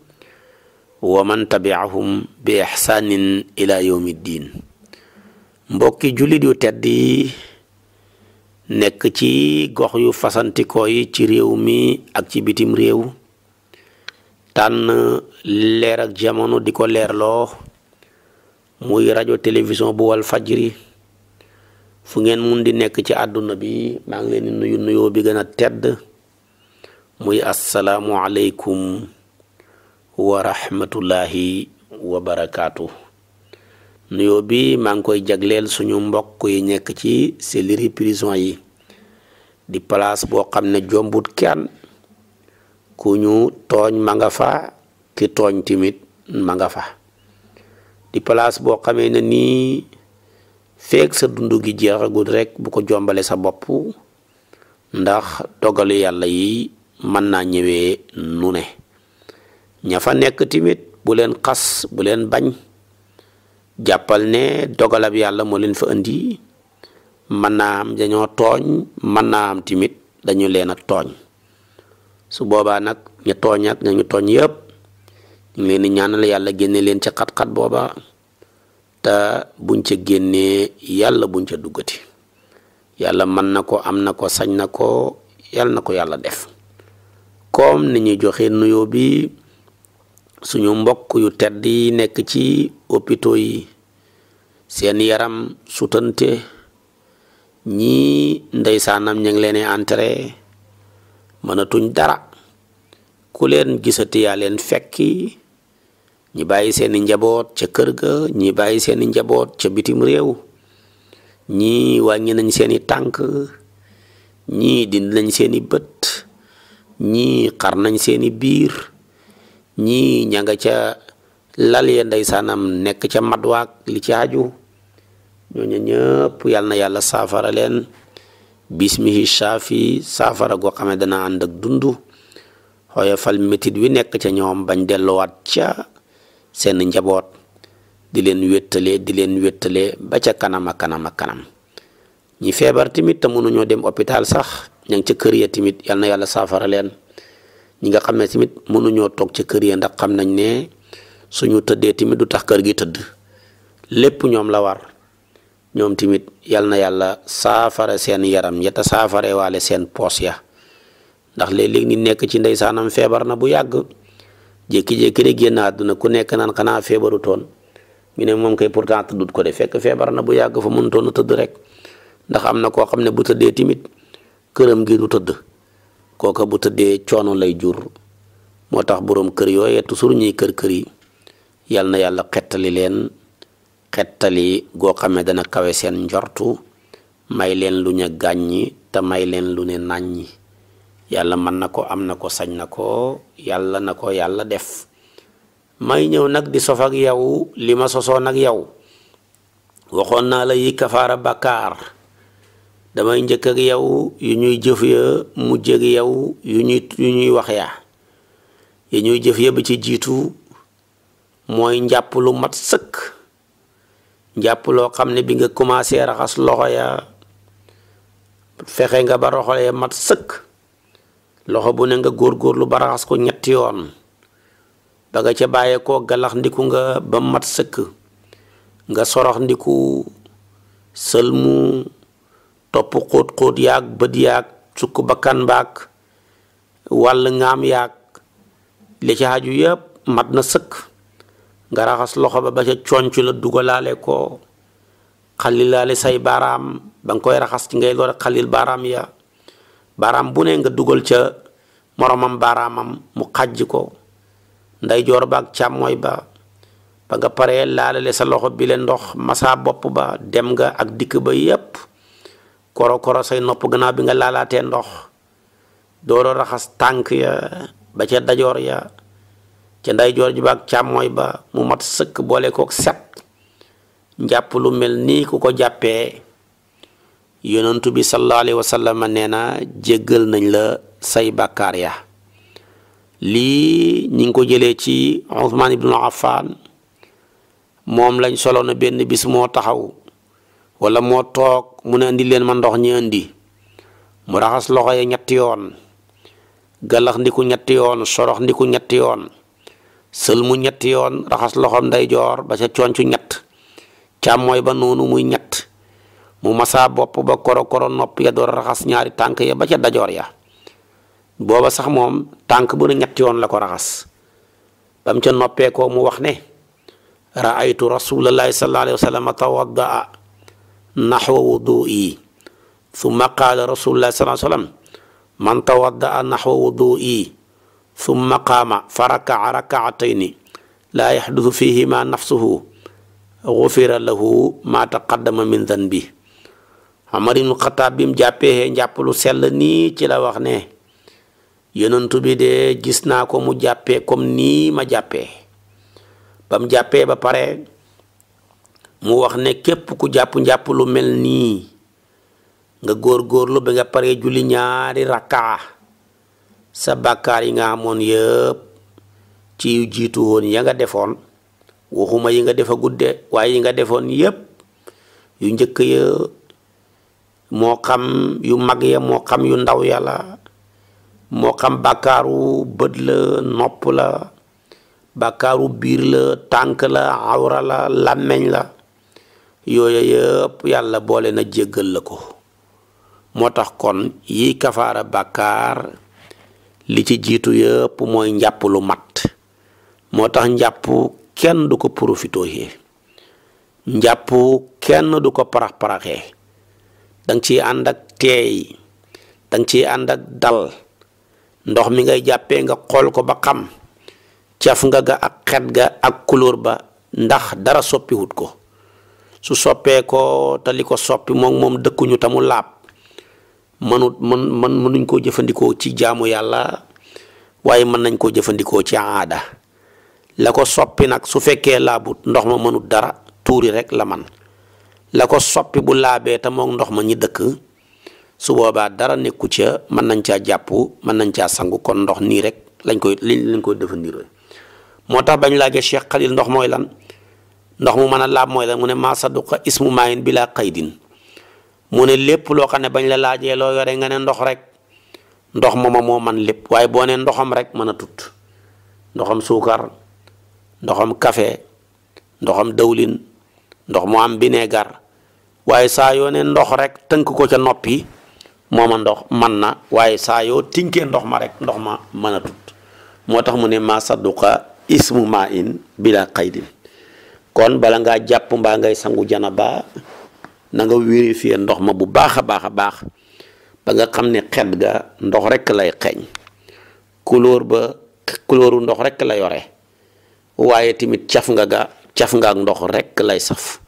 wa man tabiahum bi ixsaanin ila yawmi ddiin mbokki jullit yu tedd nekk ci gox yu fasantikoo yi ci réew mi ak ci bitim réew tànn leer ak jamono di ko leerloo muy rajo télévision bu wal fajri fu ngeen mun di nekk ci àdduna bi maa ngi leen nuyu nuyoo bi gën a tedd muy assalaamu aleykum wa rahmatullahi wa barakaatu bi maa ngi koy jagleel suñu mbokk yi nekk ci seliri prison yi di place boo xam ne jombut kenn ku ñu tooñ ma nga fa ki tooñ timit ma nga fa di place boo xamee ne nii feeg sa dund gi jeexagut rekk bu ko jombalee sa bopp ndax dogalu yàlla yi mën naa ñëwee nu ne ña fa nekk timit bu leen xas bu leen bañ jàppal ne dogalab yàlla moo leen fa indi mën naa am dañoo tooñ mën naa am timit dañu leen a tooñ su boobaa nag ñu tooñ ak ñu tooñ yëpp ñu ngi leen di ñaanal yàlla génne leen ci xat-xat boobaa te buñ ca génnee yàlla buñ ca duggati yàlla mën na ko am na ko sañ na ko yàlla na ko yàlla def comme ni ñuy joxe nuyoo bi suñu mbokk yu tedd yi nekk ci hôpitaux yi seen yaram sutante ñii ndeysaanam ñu ngi leen di entré mënatuñ dara ku leen gisati yaa leen fekki ñi bàyyi seeni njaboot ca kër ga ñi bàyyi seeni njaboot ca bitim réew ñii wàññi nañ seeni tànk ñii dindi nañ seeni bët ñii xar nañ seeni biir ñii ña ca lal ya ndeysaanam nekk ca mat waak li ci aju ñoo ñëpp yàlla na yàlla saafara leen bismihi shaafi saafara goo xam ne dana ànd ak dund xoyofal métit wi nekk ca ñoom bañ delluwaat ca seen njaboot di leen wéttalee di leen wéttalee ba ca kanam a kanam a kanam ñi feebar tamit te mënuñoo dem hôpital sax ña ngi ca kër ya tamit yal na yàlla saafara leen ñi nga xam ne tamit mënuñoo toog ca kër ya ndax xam nañ ne suñu tëddee tamit du tax kër gi tëdd lépp ñoom la war ñoom tamit yal na yàlla saafara seen yaram ya te saafare waale seen poos ya ndax léeg-léeg ni nekk ci ndeysaanam feebar na bu yàgg jékki-jékki rek génn àdduna ku nekk naan xanaa feebaru toon ñu ne moom kay pourtant tëddut ko de fekk feebar na bu yàgg fa mënutoon a tëdd rek ndax am na koo xam ne bu tëddee timit këram gi du tëdd kooka bu tëddee coono lay jur moo tax boroom kër yooyee toujours ñuy kër kër yi yal na yàlla xettali leen xettali goo xam ne dana kawe seen njortu may leen lu ñu gàññi te may leen lu ne nàññi yàlla man na ko am na ko sañ na ko yàlla na ko yàlla def may ñëw nag di sof ak yow li ma sosoon ak yow waxoon naa la yi kafaara bàkkaar damay njëkk ak yow yu ñuy jëf ya mujj ak yow yu ñuy wax ya yu ñuy jëf ya bi ci jiitu mooy njàpp lu mat sëkk njàpp loo xam ne bi nga commencé raxas loxo ya fexe nga ba roxole mat sëkk loxo bu ne nga góor góorgóorlu ba raxas ko ñetti yoon ba nga ca bàyyee koo ndiku nga ba mat sëkk nga sorox ndiku sëlmu topp xóot-xóot yaag bët yaag sukk bakkan baag wàll ngaam yaag li ci haju yépp mat na sëkk nga raxas loxo ba ba ca conc la dugalaale ko xalilaale say baaraam ba nga koy raxas ci ngay loole xalil baaraam ya baaraam bu ne nga dugal ca moroomam baaraamam mu xàjj ko ndeyjoor ba ak càmmooy ba ba nga paree laalale sa loxo bi le ndox masaa bopp ba dem nga ak dikk ba yépp koro koro say nopp gannaaw bi nga laalaatee ndox dooro raxas tànk ya ba ca dajoor ya ca ndeyjoor ji ba ak càmmooy ba mu mat sëkk boole kook set njàpp lu mel nii ku ko jàppee yonantu bi sallallahu alayhi wa sallam na jéggal nañ la say bàkkaar ya lii ñi ngi ko jëlee ci Usmaan ibnu Affaan moom lañ solo benn bis moo taxaw walla moo toog mu ne indi leen ma ndox ñu indi mu raxas loxo ya ñett yoon galax ndiku ñetti yoon sorox ndiku ñetti yoon sël mu ñetti yoon raxas loxom ndeyjoor ba ca cooncu ñett càmmooy ba noonu muy ñett mu masaa bopp ba koro koro nopp ya door raxas ñaari tànk ya ba ca dajoor ya booba sax moom tànk bu ne ñetti yoon la ko raxas bam ca noppee ko mu wax ne raaytu rasulallahi sallallahu alayhi wa sallam tawaddaa wudu'i summa qaala rasulullahi sallallahu alayhi wa sallam man tawaddaa naxwa wudu'i summa qaama fa nafsuhu gufira lahu ma taqaddama min danbi Umar ibnu Xataab bi mu jàppee njàpp lu sell nii ci la wax ne yonantu bi de gis naa ko mu jàppee comme nii ma jàppee ba jàppee ba pare mu wax ne képp ku jàpp njàpp lu mel nii nga góor-góorlu ba nga paree julli ñaari rakkaa sa bàkkaar yi nga amoon yëpp ci jiitu woon ya nga defoon waxuma yi nga defa gudde waaye yi nga defoon yëpp yu njëkk ya moo xam yu mag ya moo xam yu ndaw ya la moo xam bàkkaaru bët la nopp la bàkkaaru biir la tànk la awra la làmmeñ la yooyu yëpp yàlla boole na jéggal la ko moo tax kon yi kafaara bàkkaar li ci jiitu yëpp mooy njàpp lu mat moo tax njàpp kenn du ko profitooyee njàpp kenn du ko parax-paraxee danga nga ciy ànd ak teey da nga ciy ànd ak dal ndox mi ngay jàppee nga xool ko ba xam caf nga ga ak xet ga ak couleur ba ndax dara soppiwut ko su soppee ko te li ko soppi moom moom dëkkuñu tamu laab mënut mën mën mënuñ koo jëfandikoo ci jaamu yàlla waaye mën nañ koo jëfandikoo ci aada la ko soppi nag su fekkee laabut ndox ma mënut dara tuuri rek la man la ko soppi bu laabee te moom ndox ma ñi dëkk su boobaa dara nekku ca mën nañ caa jàpp mën nañ caa sangu kon ndox nii rek lañ koy lañ koy defandiroo moo tax bañ laajee Cheikh ndox mooy lan ndox mu mën a laab mooy lan mu ne maa saduqa ismu maayin bila qaydin mu ne lépp loo xam ne bañ la laajee loo yore nga ne ndox rek ndox mooma moo man lépp waaye boo ne ndoxam rek mën a tut ndoxam suukar ndoxam kafe ndoxam dawlin ndox mu am bineegar waaye saa yoo ne ndox rek tënk ko ca noppi mooma ndox man na waaye saa yoo tinkee ndox ma rek ndox ma mën a tut moo tax mu ne ma sadduqa ismu ma in bila qaydin kon bala ngaa jàpp mbaa ngay sangu janaba na nga vérifier ndox ma bu baax a baax a baax ba nga xam ne xet ga ndox rekk lay xeeñ couleur ba couleuru ndox rek la yore waaye tamit caf nga ga caf nga ndox rekk lay saf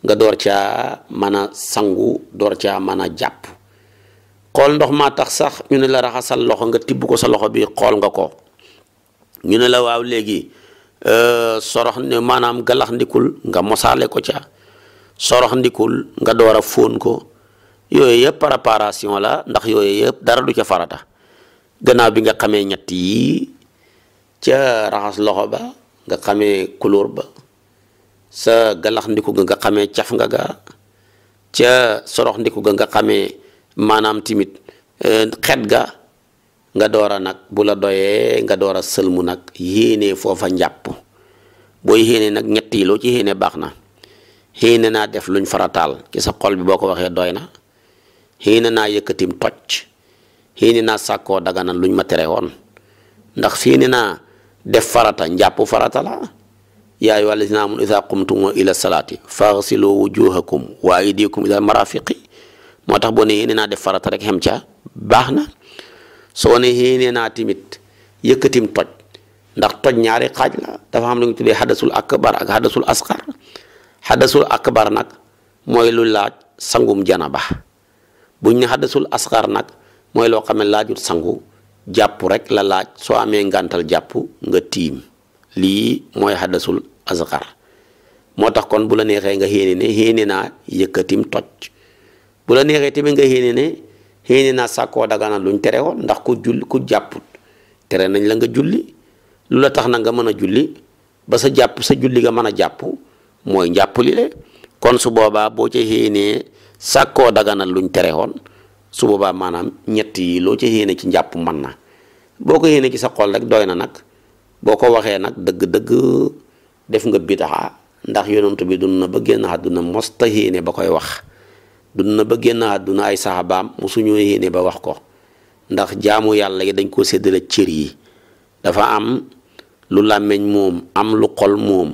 nga door caa mën a sangu door caa mën a jàpp xool ndox maa tax sax ñu ne la raxasal loxo nga tibb ko sa loxo bi xool nga ko ñu ne la waaw léegi euh, sorox ne maanaam galax ndikul nga mosaale ko ca sorox ndikul nga door a fóon ko yooyu yëpp préparation la ndax yooyu yëpp dara du ca farata gannaaw bi nga xamee ñett yi ca raxas loxo ba nga xamee couleur ba sa galax ndiku ga nga xamee caf nga ga ca sorox ga nga xamee maanaam timit euh, xet ga nga door a nag bu la doyee nga doora sëlmu nag yéenee foofa njàpp booy yéenee nag ñett yi loo baax na yéene naa def luñ farataal ci sa xol boo ko waxee doy na yéene naa yëkkatim toj yéene naa sàkkoo dagana luñ ma tere woon ndax yéene naa def farata njàpp farata la yaay yaa ayyuhaa llaziina aamanu izaa qumtum ila salaati faghsilu wujuuhakum wa aydiyakum ila marafiqi moo tax boo ne yéene naa def farata rek xem ca baax na soo ne yéene naa tamit yëkkatim toj ndax toj ñaari xaaj la dafa am lu ñu tuddee xadasul akbar ak xadasul asxar xadasul akbar nag mooy lu laaj sangum janaba buñ ne xadasul askar nag mooy loo xam ne laajut sangu jàpp rek la laaj soo amee ngàntal jàpp nga tiim lii mooy xadasul asxar moo tax kon bu la neexee nga xéene ne xéene naa yëkkatim toj bu la neexee tamit nga xéene ne xéene naa sàkkoo dagana luñ tere woon ndax ku jull ku jàpput tere nañ la nga julli lu la tax na nga mën a julli ba sa jàpp sa julli nga mën a jàpp mooy njàpp su boobaa boo ca xéenee sàkkoo daganal luñ tere woon su boobaa maanaam ñett yi loo ca xéene ci njàpp man na boo ko yéene ci sa xol rek doy na nag boo ko waxee nag dëgg-dëgg def nga bidaa ndax yonent bi dund na ba génn àdduna mos ta yéene ba koy wax dund na ba génn àdduna ay saxaabaam mosuñoo yéene ba wax ko ndax jaamu yàlla yi dañ koo séddale cër yi dafa am lu làmmiñ moom am lu xol moom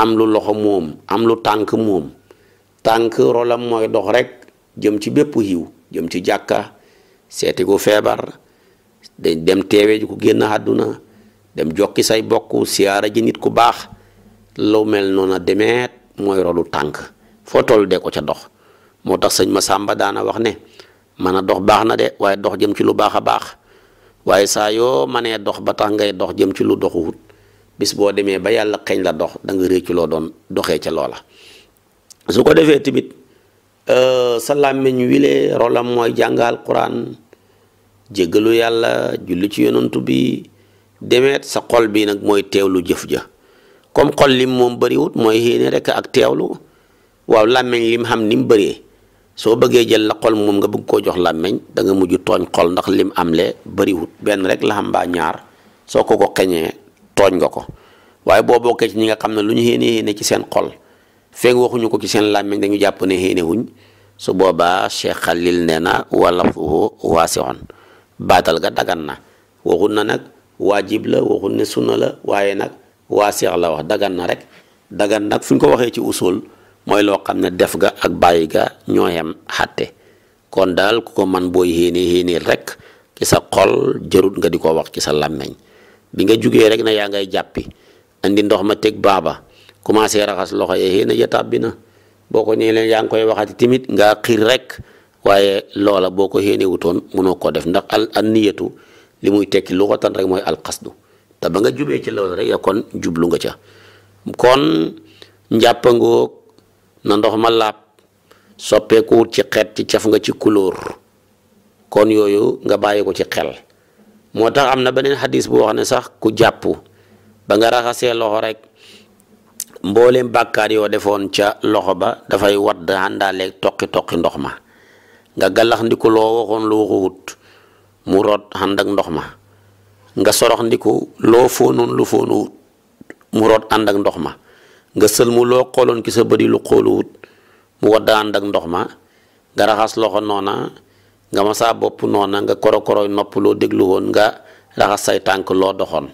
am lu loxo moom am lu tànk moom tànk rolam mooy dox rek jëm ci bépp yiw jëm ci jàkka seeti ko feebar dañ dem teewee ji ku génn àdduna dem jokki say bokk siyaara ji nit ku baax lu mel noonu demeet mooy rolu tànk foo toll de ko ca dox moo tax sëñ Masamba daana wax ne man a dox baax na de waaye dox jëm ci lu baax a baax waaye saa yoo manee dox ba tax ngay dox jëm ci lu doxuwut bis boo demee ba yàlla xeeñ la dox danga nga réccu doon doxee ca loola su ko defee tamit euh, sa làmmiñ wile rolam mooy jàngal quran jéggalu yàlla julli ci yonantu bi demeet sa xol bi nag mooy teewlu jëf ja comme xol lim moom bariwut mooy yéene rek ak teewlu waaw làmmeñ lim xam ni mu bëree soo bëggee jël la xol moom nga bëgg koo jox làmmeñ da nga mujj tooñ xol ndax lim am le bëriwut benn rek la xam mbaa ñaar soo ko ko xeñee tooñ nga ko waaye boo bokkee ci ñi nga xam ne lu ñu yéene yéene ci seen xol feeg waxuñu ko ci seen làmmeñ dañu jàpp ne yéene wuñ su boobaa Cheikh Khalil nee na wala fuhu waasi'un baatal ga dagan na waxut na nag waajib la waxut ne sunna la waaye nag. waasix la wax dagan na rek dagan nag fu ñu ko waxee ci usul mooy loo xam ne def ga ak bàyyi ga ñoo yem xàtte kon daal ku ko man booy héene héeneel rek ci sa xol jarut nga di ko wax ci sa làmmeñ bi nga jugee rek na yaa ngay jàppi andi ndox ma teg baaba commencé raxas loxo yee héena ja tàbbi na boo ko nee leen yaa ngi koy waxati tamit ngaa xiir rek waaye loola boo ko héenewutoon mënoo ko def ndax al an niyatu li muy tekki lu ko tan rek mooy alxasdu te ba nga jubee ci loolu rek ya kon jublu nga ca kon njàppangoog na ndox ma laab soppeekuwut ci xeet ci caf nga ci couleur kon yooyu nga bàyyi ko ci xel moo tax am na beneen xadis boo xam ne sax ku jàpp ba nga raxasee loxo rek mbooleem bàkkaar yoo defoon ca loxo ba dafay wadd àndaaleeg toqi toqi ndox ma nga gàllax ndiku loo waxoon lu waxuwut mu root ànd ak ndox ma nga sorox ndiku loo foonoon lu foonuwut mu root ànd ak ndox ma nga sëlmu loo xooloon ki sa bëri lu xooluwut mu wadda ànd ak ndox ma nga raxas loxo noona nga ma saa bopp noona nga koro koroy nopp loo déglu woon nga raxas say tànk loo doxoon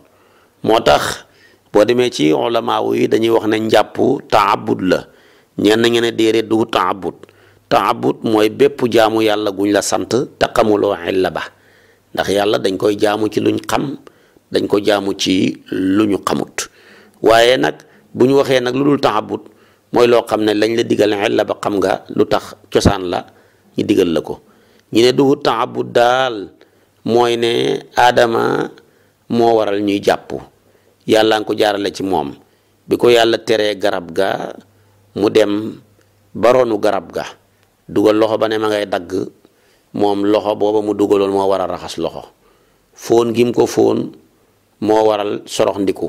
moo tax boo demee ci ulamaaw yi dañuy wax ne njàpp taabud la ñenn ngeen ne déedéet du taabud taabud mooy bépp jaamu yàlla guñ la sant te xamuloo xilla ba ndax yàlla dañ koy jaamu ci luñ xam dañ ko jaamu ci lu ñu xamut waaye nag bu ñu waxee nag lu dul taxabut mooy loo xam ne lañ la digal xel la ba xam nga lu tax cosaan la ñu digal la ko ñu ne duhu taxabut daal mooy ne aadama moo waral ñuy jàpp yàlla nga ko jaarale ci moom bi ko yàlla teree garab ga mu dem baroonu garab ga dugal loxo ba ne ma ngay dagg moom loxo booba mu dugaloon moo waral raxas loxo fóon gim ko fóon moo waral sorox ndiku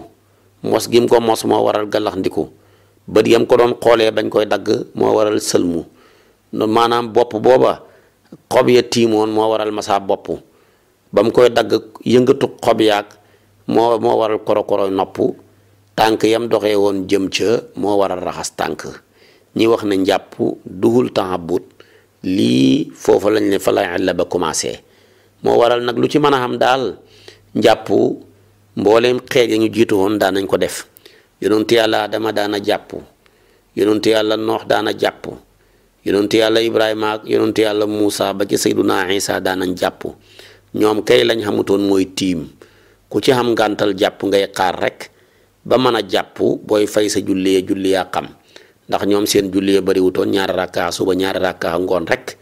mos gim ko mos moo waral gàllax ndiku bët yam ko doon xoolee bañ koy dagg moo waral sëlmu maanaam bopp booba xob ya tiimoon moo waral masaa bopp ba mu koy dagg yëngatu xob yaag moo moo waral korokoroy nopp tànk yam doxee woon jëm ca moo waral raxas tànk ñi wax ne njàpp duhul temps but lii foofa lañ ne fa la ba commencé moo waral nag lu ci mën a xam daal njàpp mbooleem xeet ya ñu jiitu woon daan nañ ko def yonentu yàlla Adama daana jàpp yonentu yàlla Noox daana jàpp yonentu yàlla Ibrahima ak yonentu yàlla Muusa ba ci Sayyiduna Isa daanañ jàpp ñoom kay lañ xamutoon mooy tiim ku ci xam ngàntal jàpp ngay xaar rek ba mën a jàpp booy fay sa julli julli yaa xam ndax ñoom seen julli bariwutoon ñaari rakka suba ñaari rakka ngoon rek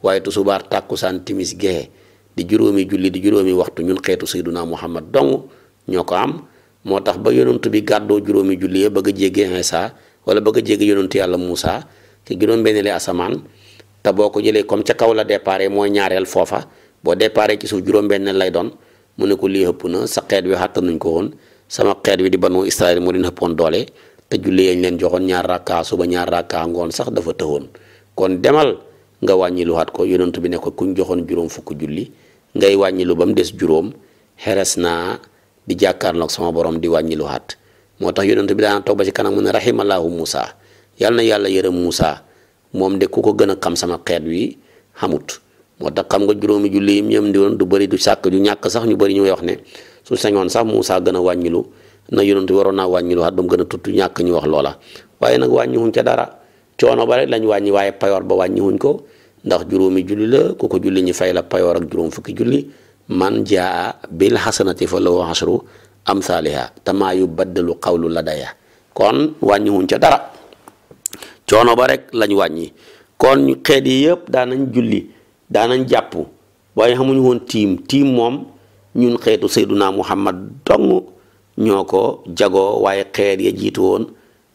waaye tusubaar tàkkusaan timis gee di juróomi julli di juróomi waxtu ñun xeetu sayduna muhammad dong ñoo ko am moo tax ba yonantu bi gàddoo juróomi julli bëgg a jéggi Iisaa wala bëgg a jéggi yonantu yàlla Muusaa te juróom-benneeli asamaan te boo ko jëlee comme ca kaw la déparé mooy ñaareel foofa boo déparé ci suuf juróom-benneel lay doon mu ne ko lii ëpp na sa xeet wi xàttanuñ ko woon sama xeet wi di banu Israël moo leen ëppoon doole te julli yañ leen joxoon ñaar rakka ba ñaar rakka ngoon sax dafa tëwoon kon demal nga wàññi luwaat ko yonent bi ne ko kuñ joxoon juróom fukk julli ngay wàññi lu ba mu des juróom xeres naa di jàkkaarloog sama borom di wàññi moo tax yonent bi daan toog ba ci kanam mu ne rahimallahu Moussa yàlla na yàlla yërëm Moussa moom de ku ko gën a xam sama xeet wi xamut moo tax xam nga juróomi julli yi ñoom di woon du bëri du sàkk du ñàkk sax ñu bari ñu wax ne su sañoon sax Moussa gën a wàññilu na yonentu waroon naa wàññi waxaat ba mu gën a tutt ñàkk ñu wax loola waaye nag wàññiwuñ ca dara coono ba rek wàññi waaye payoor ba wàññiwuñ ko ndax juróomi julli la ku ko julli ñi fay la payoor ak juróom fukki julli man jaa bil xasanati fa lahu asru amsaaliha tamaa yu baddalu xawlu ladaya kon wàññiwuñ ca dara coono ba rek lañ wàññi kon xeet yi yëpp daanañ julli daanañ jàpp waaye xamuñu woon tiim tiim moom ñun xeetu sayduna muhammad dong ñoo ko jagoo waaye xeet ya jiitu woon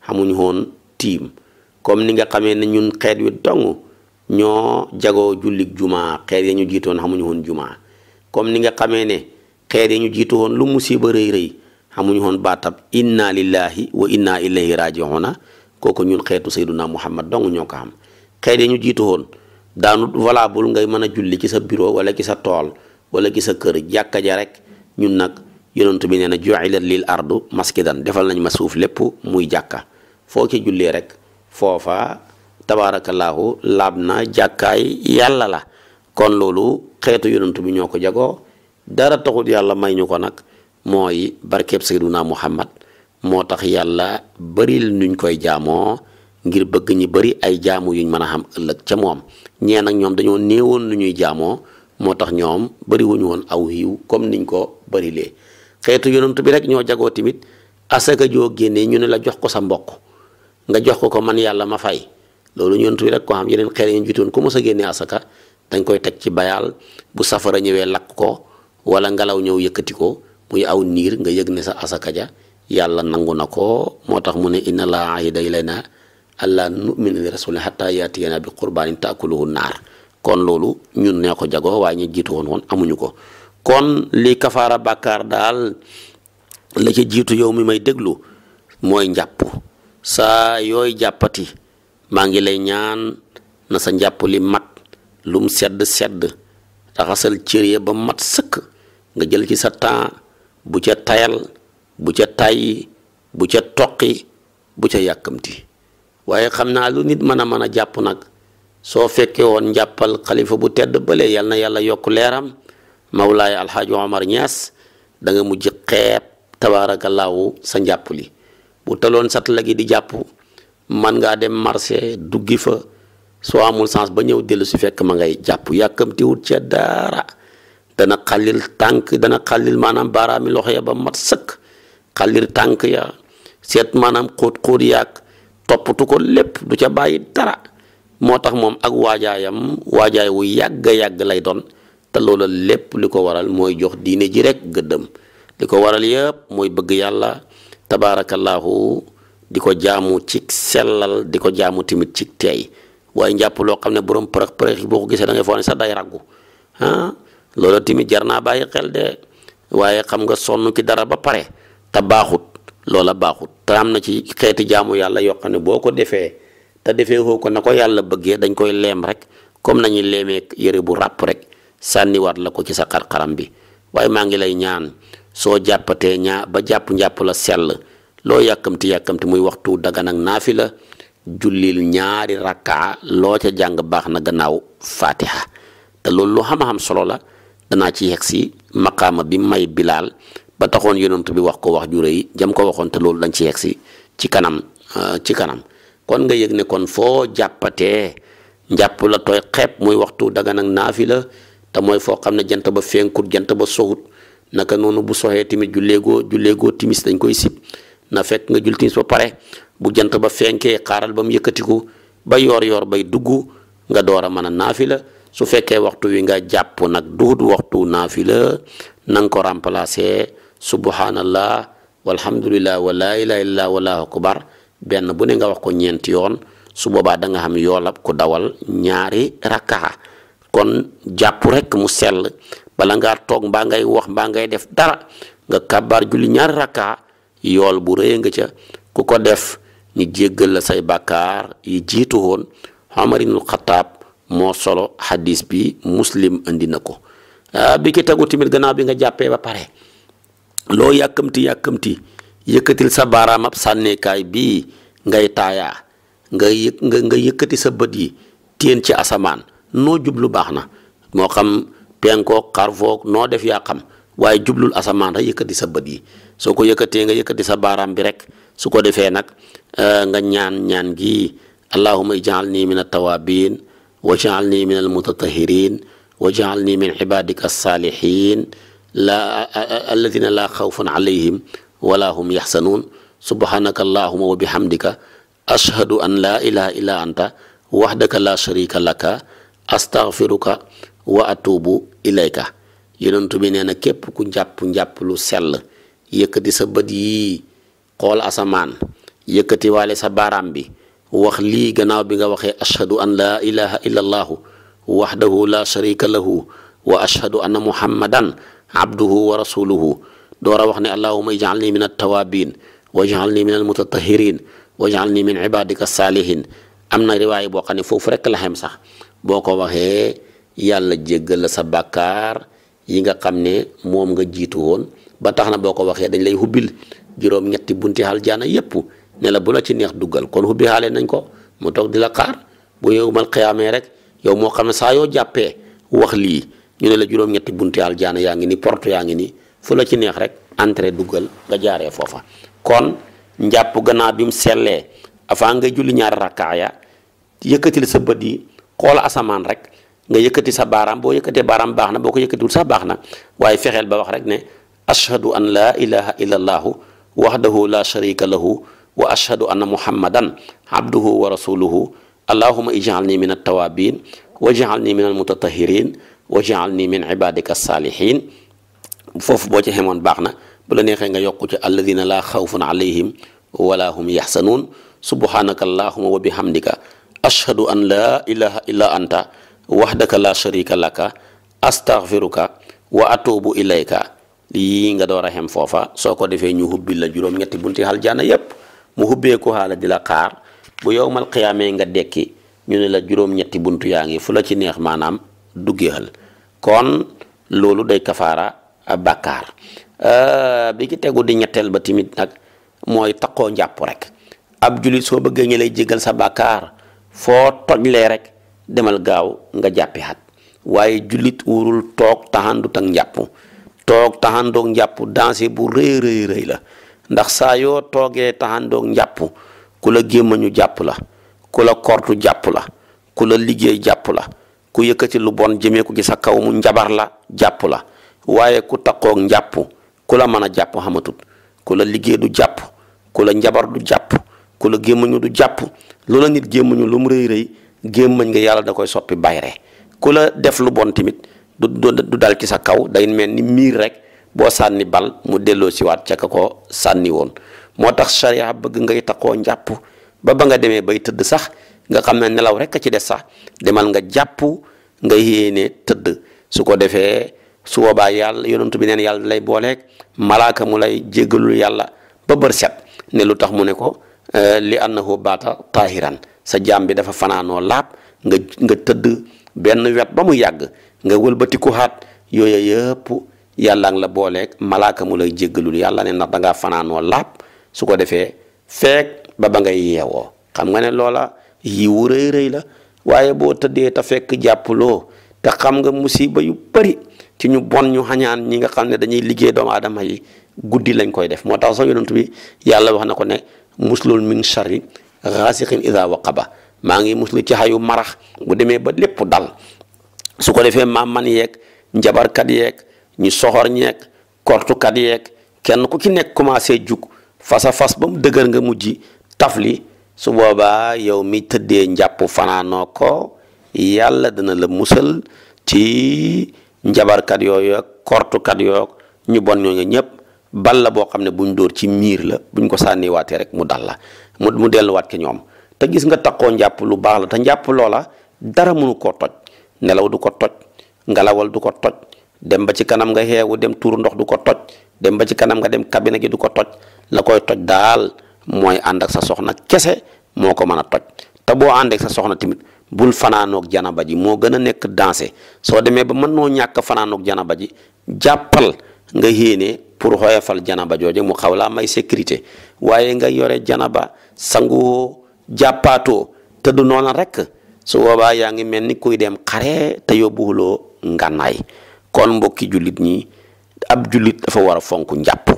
xamuñu woon tiim comme ni nga xamee ne ñun xeet wi dong ñoo jagoo julli jumaa xeet ya ñu jiitoon xamuñu woon jumaa comme ni nga xamee ne xeet ya ñu jiitu woon lu musiba rëy rëy xamuñu woon baatab inna lillahi wa inna ilayhi rajiuna kooku ñun xeetu sayduna muhammad dong ñoo ko xam xeet ya ñu jiitu woon daanu valable ngay mën a julli ci sa bureau wala ci sa tool wala ci sa kër jàkka ja rek ñun nag yonentu bi nee na ju'ilat lil ardu dan defal nañ ma suuf lépp muy jàkka foo ci jullee rek foofa tabaarakallaahu laab na jàkkaay yàlla la kon loolu xeetu yonentu bi ñoo ko jagoo dara taxul yàlla may ñu ko nag mooy barkeeb sayyiduna muhammad moo tax yàlla bëril nuñ koy jaamoo ngir bëgg ñi bëri ay jaamu yuñ mën a xam ëllëg ca moom ñee nag ñoom dañoo néewoon lu ñuy jaamoo moo tax ñoom bëri woon aw yiw comme niñ ko barilee xeetu yonantu bi rek ñoo jagoo tamit asaka joo génnee ñu ne la jox ko sa mbokk nga jox ko ko man yàlla ma fay loolu yonantu bi rek koo xam yeneen xeet yi ñu jiitoon ku mos a génnee dañ koy teg ci bayaal bu safara ñëwee lakk ko wala ngelaw ñëw yëkkati ko muy aw niir nga yëg ne sa asaka ja yàlla nangu na ko moo tax mu ne inna laa ahida ilayna alla numina li rasulin xatta yaatiyana bi qurbaanin taakuluhu naar kon loolu ñun ñoo ko jagoo waaye ñu jiitu woon woon amuñu ko kon li kafaara bàkkaar daal la ca jiitu yow mi may déglu mooy njàpp saa yooy jàppati maa ngi lay ñaan na sa njàpp li mat lum sedd sedd raxasal cër ya ba mat sëkk nga jël ci sa temps bu ca tayal bu ca tayyi bu ca toqi bu ca yàkkamti waaye xam naa lu nit mën a mën a jàpp nag soo fekkee woon njàppal xalifa bu tedd bële yal na yàlla yokk leeram Mawlaay Alxaaji Omar Ñaas da nga mujj xeeb tabaarakallaahu sa njàpp li bu taloon sat la di jàpp man ngaa dem marché duggi fa soo amul sens ba ñëw dellu si fekk ma ngay jàpp yàkkamtiwut ca daara dana xallil tànk dana xallil maanaam baaraami loxo ya ba mat sëkk xallil tànk ya seet maanaam xóot-xóot yaag toppatu ko lépp du ca bàyyi dara moo tax moom ak waajaayam waajaay wu yàgg-yàgg lay doon te loola lépp li ko waral mooy jox diine ji rek gëddëm li ko waral yëpp mooy bëgg yàlla tabaarakallaahu di ko jaamu ci sellal di ko jaamu timit ci teey waaye njàpp loo xam ne borom përëx përëx boo ko gisee da ngay foog ne sax day raggu ah, loola tamit jar naa bàyyi xel de waaye xam nga sonn ci dara ba pare te baaxut loola baaxut te am na ci xeeti jaamu yàlla yoo xam ne boo ko defee te defee ko na ko yàlla bëggee dañ koy leem rek comme nañuy leemee yëre bu ràpp rek. sànniwaat la ko ci sa xar bi waaye maa ngi lay ñaan soo jàppatee ñaa ba jàpp njàpp la sell loo yàkkamti yàkkamti muy waxtu dagan ak naafi la jullil ñaari rakkaa loo ca jàng baax na gannaaw faatiha te loolu lu xam solo la danaa ci yegg si maqaama bi may bilaal ba taxoon yonent bi wax ko wax ju rëy jam ko waxoon te loolu dañ ci yegg si ci kanam euh, ci kanam kon nga yëg kon foo jàppatee njàpp la tooy xeeb muy waxtu naafi la mooy foo xam ne jant ba fenkut jant ba soxut naka noonu bu soxee tamit julleegoo julleegoo timis dañ koy sib na fekk nga jul timis ba pare bu jant ba fenkee xaaral ba mu yëkkatiku ba yoor yoor bay dugg nga door a mën a la su fekkee waxtu wi nga jàpp nag duhut waxtu naafila na nga ko remplacer subhanallah walhamdulillah wala ilaha illallah wallahu akbar benn bu ne nga wax ko ñeenti yoon su boobaa da nga xam yoolab ku dawal ñaari rakkaxa kon jàpp rek mu sell bala ngaa toog mbaa ngay wax mbaa ngay def dara nga kàbbaar julli ñaari rakkaa yool bu rëy nga ca ku ko def ñu jéggal la say bàkkaar yi jiitu woon Umar ibnul moo solo hadis bi muslim indi na ko ah, bi ki tegu tamit gannaaw bi nga jàppee ba pare loo yàkkamti yàkkamti yëkkatil sa baaraam ab sànneekaay bii ngay taayaa nga yëkkati sa bët yi téen ci asamaan noo jublu baax na moo xam penkook xarfook noo def yaa xam waaye jublul asamaan rek yëkkati sa bët yi soo ko yëkkatee nga yëkkati sa baaraam bi rek su ko defee nag euh, nga ñaan ñaan gi allahuma ijaal nii min altawaabin wa jaal nii min almutatahirin wa jaal min ibadika alsaalihin la alladina laa xawfun alayhim wala hum yaxsanuun subhanaka allahuma la sharika laka astaghfiruka wa atubu ilayka yonentu bi nee na képp ku njàpp njàpp lu sell yëkkati sa bët yii xool asamaan yëkkati waale sa baaraam bi wax lii gannaaw bi nga waxee ashhadu an laa ilaha illa allahu waxdahu la sharika lahu wa ashhadu anna muhammadan abduhu wa rasuluhu door a wax ne allahuma ij'alni min at-tawabin waj'alni min al-mutatahhirin waj'alni min ibadika salihin am na riwaay boo xam ne foofu rekk la sax boo ko waxee yàlla jéggal la sa bàkkaar yi nga xam ne moom nga jiitu woon ba tax na boo ko waxee dañ lay hubbil juróom ñetti bunti aljana yépp ne la bu la ci neex duggal kon hubbi xaale nañ ko mu toog di la xaar bu yowmal xiyaamee rek yow moo xam ne saa yoo jàppee wax lii ñu ne la juróom-ñetti bunti aljana yaa ngi ni porte yaa ngi nii fu la ci neex rek entrée duggal nga jaaree foofa kon njàpp gannaaw bi mu sellee avant ngay julli ñaari rakkaaya sa bët yi xool asamaan rek nga yëkkati sa baaraam boo yëkkatee baaraam baax na boo ko yëkkatiwul sa baax na waaye fexeel ba wax rek ne ashhadu an laa ilaha illa allahu wahdahu la sharika lahu wa ashhadu anna muhammadan abduhu wa rasuluhu allahuma ij'alni min at-tawabin waj'alni min al-mutatahirin waj'alni min ibadika as-salihin boo ca xemoon baax na bu la neexee nga yokku ci alladina laa xawfun alayhim wala hum yaxsanuun subhanaka ashhadu an laa ilaha illa anta wahdaka la sharika laka astaghfiruka wa atubu ilayka lii nga door a xem foofa soo ko defee ñu hubbi la juróom-ñetti bunti aljana yépp mu hubbee ko xaala di la xaar bu yowmal xiyaamee nga dekki ñu ne la juróom-ñetti yaa ngi fu la ci neex maanaam duggeexal kon loolu day kafaara bàkkaar euh, bi ki tegu di ñetteel ba timit nag mooy taqoo njàpp rek ab julit soo bëggee ñu lay jégal sa bàkkaar foo tojlee rek demal gaaw nga jàppi xat waaye jullit wurul toog taxandut ak njàpp toog taxandoog jàpp danse bu rëy rëy la ndax saa yoo toogee taxandoog njàpp ku la gémmañu jàpp la ku la kortu jàpp la ku la liggéey jàpp la ku yëkkati lu bon jëmee ko gi sa kaw mu njabar la jàpp la waaye ku takkoog njàpp ku la mën a jàpp xamatut ku la liggéey du jàpp ku la njabar du jàpp ku la gémmañu du jàpp lu la nit gémmañu lu mu rëy rëy gémmañ nga yàlla da koy soppi bayre ku la def lu bon tamit du du dal ci sa kaw day mel ni miir rek boo sànni bal mu delloo siwaat ca ko sànni woon moo tax charia bëgg ngay takkoo njàpp ba ba nga demee bay tëdd sax nga xam ne nelaw rek a ci des sax demal nga jàpp nga yéene tëdd su ko defee su boobaa yàlla yonentu bi neen yàlla lay booleeg malaaka mu lay jéggalul yàlla ba bër set ne lu tax mu ne ko Euh, li annahu baata taahiran sa jaam bi dafa fanaanoo laab nga tëdd benn wet ba mu yàgg nga wëlbatiku haat yooyu yëpp yàlla ngi la booleeg malaaka mu lay jéggalul yàlla ne ndax da ngaa fanaanoo laab su ko defee feek ba ba nga yeewoo xam nga ne loola yiwu rëy rëy la waaye boo tëddee te fekk jàppuloo te xam nga musiba yu bari ci ñu bon ñu xañaan ñi nga xam ne dañuy liggéey doomu aadama yi guddi lañ koy def moo tax sax yonent bi yàlla wax na ko ne muslul min sharri xaasiqin ida waqaba maa ngi muslu ci xayu marax bu demee ba lépp dal su ko defee maam man yeeg njabarkat yeek ñu soxor ñeeg kortukat yeeg kenn ku ci nekk commencé jug fas a fas ba mu dëgër nga mujj tafli su boobaa yow mi tëddee njàpp fanaanoo ko yàlla dana la musal ci njabarkat yooyu kortukat yooyu ñu bon ñooñu ñëpp bal la boo xam ne bu buñ dóor ci miir la buñ ko sànniwaatee rek mu dal la mu mu delluwaat ke ñoom te gis nga takkoo njàpp lu baax la te njàpp loola dara mënu koo toj nelaw du ko toj ngalawal du ko toj dem ba ci kanam nga xeewu dem tuur ndox du ko toj dem ba ci kanam nga dem kabine gi du ko toj la koy toj daal mooy ànd ak sa soxna kese moo ko mën a toj te boo ànd ak sa soxna tamit bul fanaanoog janaba ji moo gën a nekk danse soo demee ba mën noo ñàkk fanaanoog janaba ji jàppal nga yéene pour xoyafal janaba jooje mu xaw laa may sécurité waaye nga yore janaba sanguwoo jàppaatoo te du noona rek su boobaa yaa ngi mel ni kuy dem xare te yóbbuwuloo ngànnaay kon mbokki jullit ñi ab jullit dafa war a fonk njàpp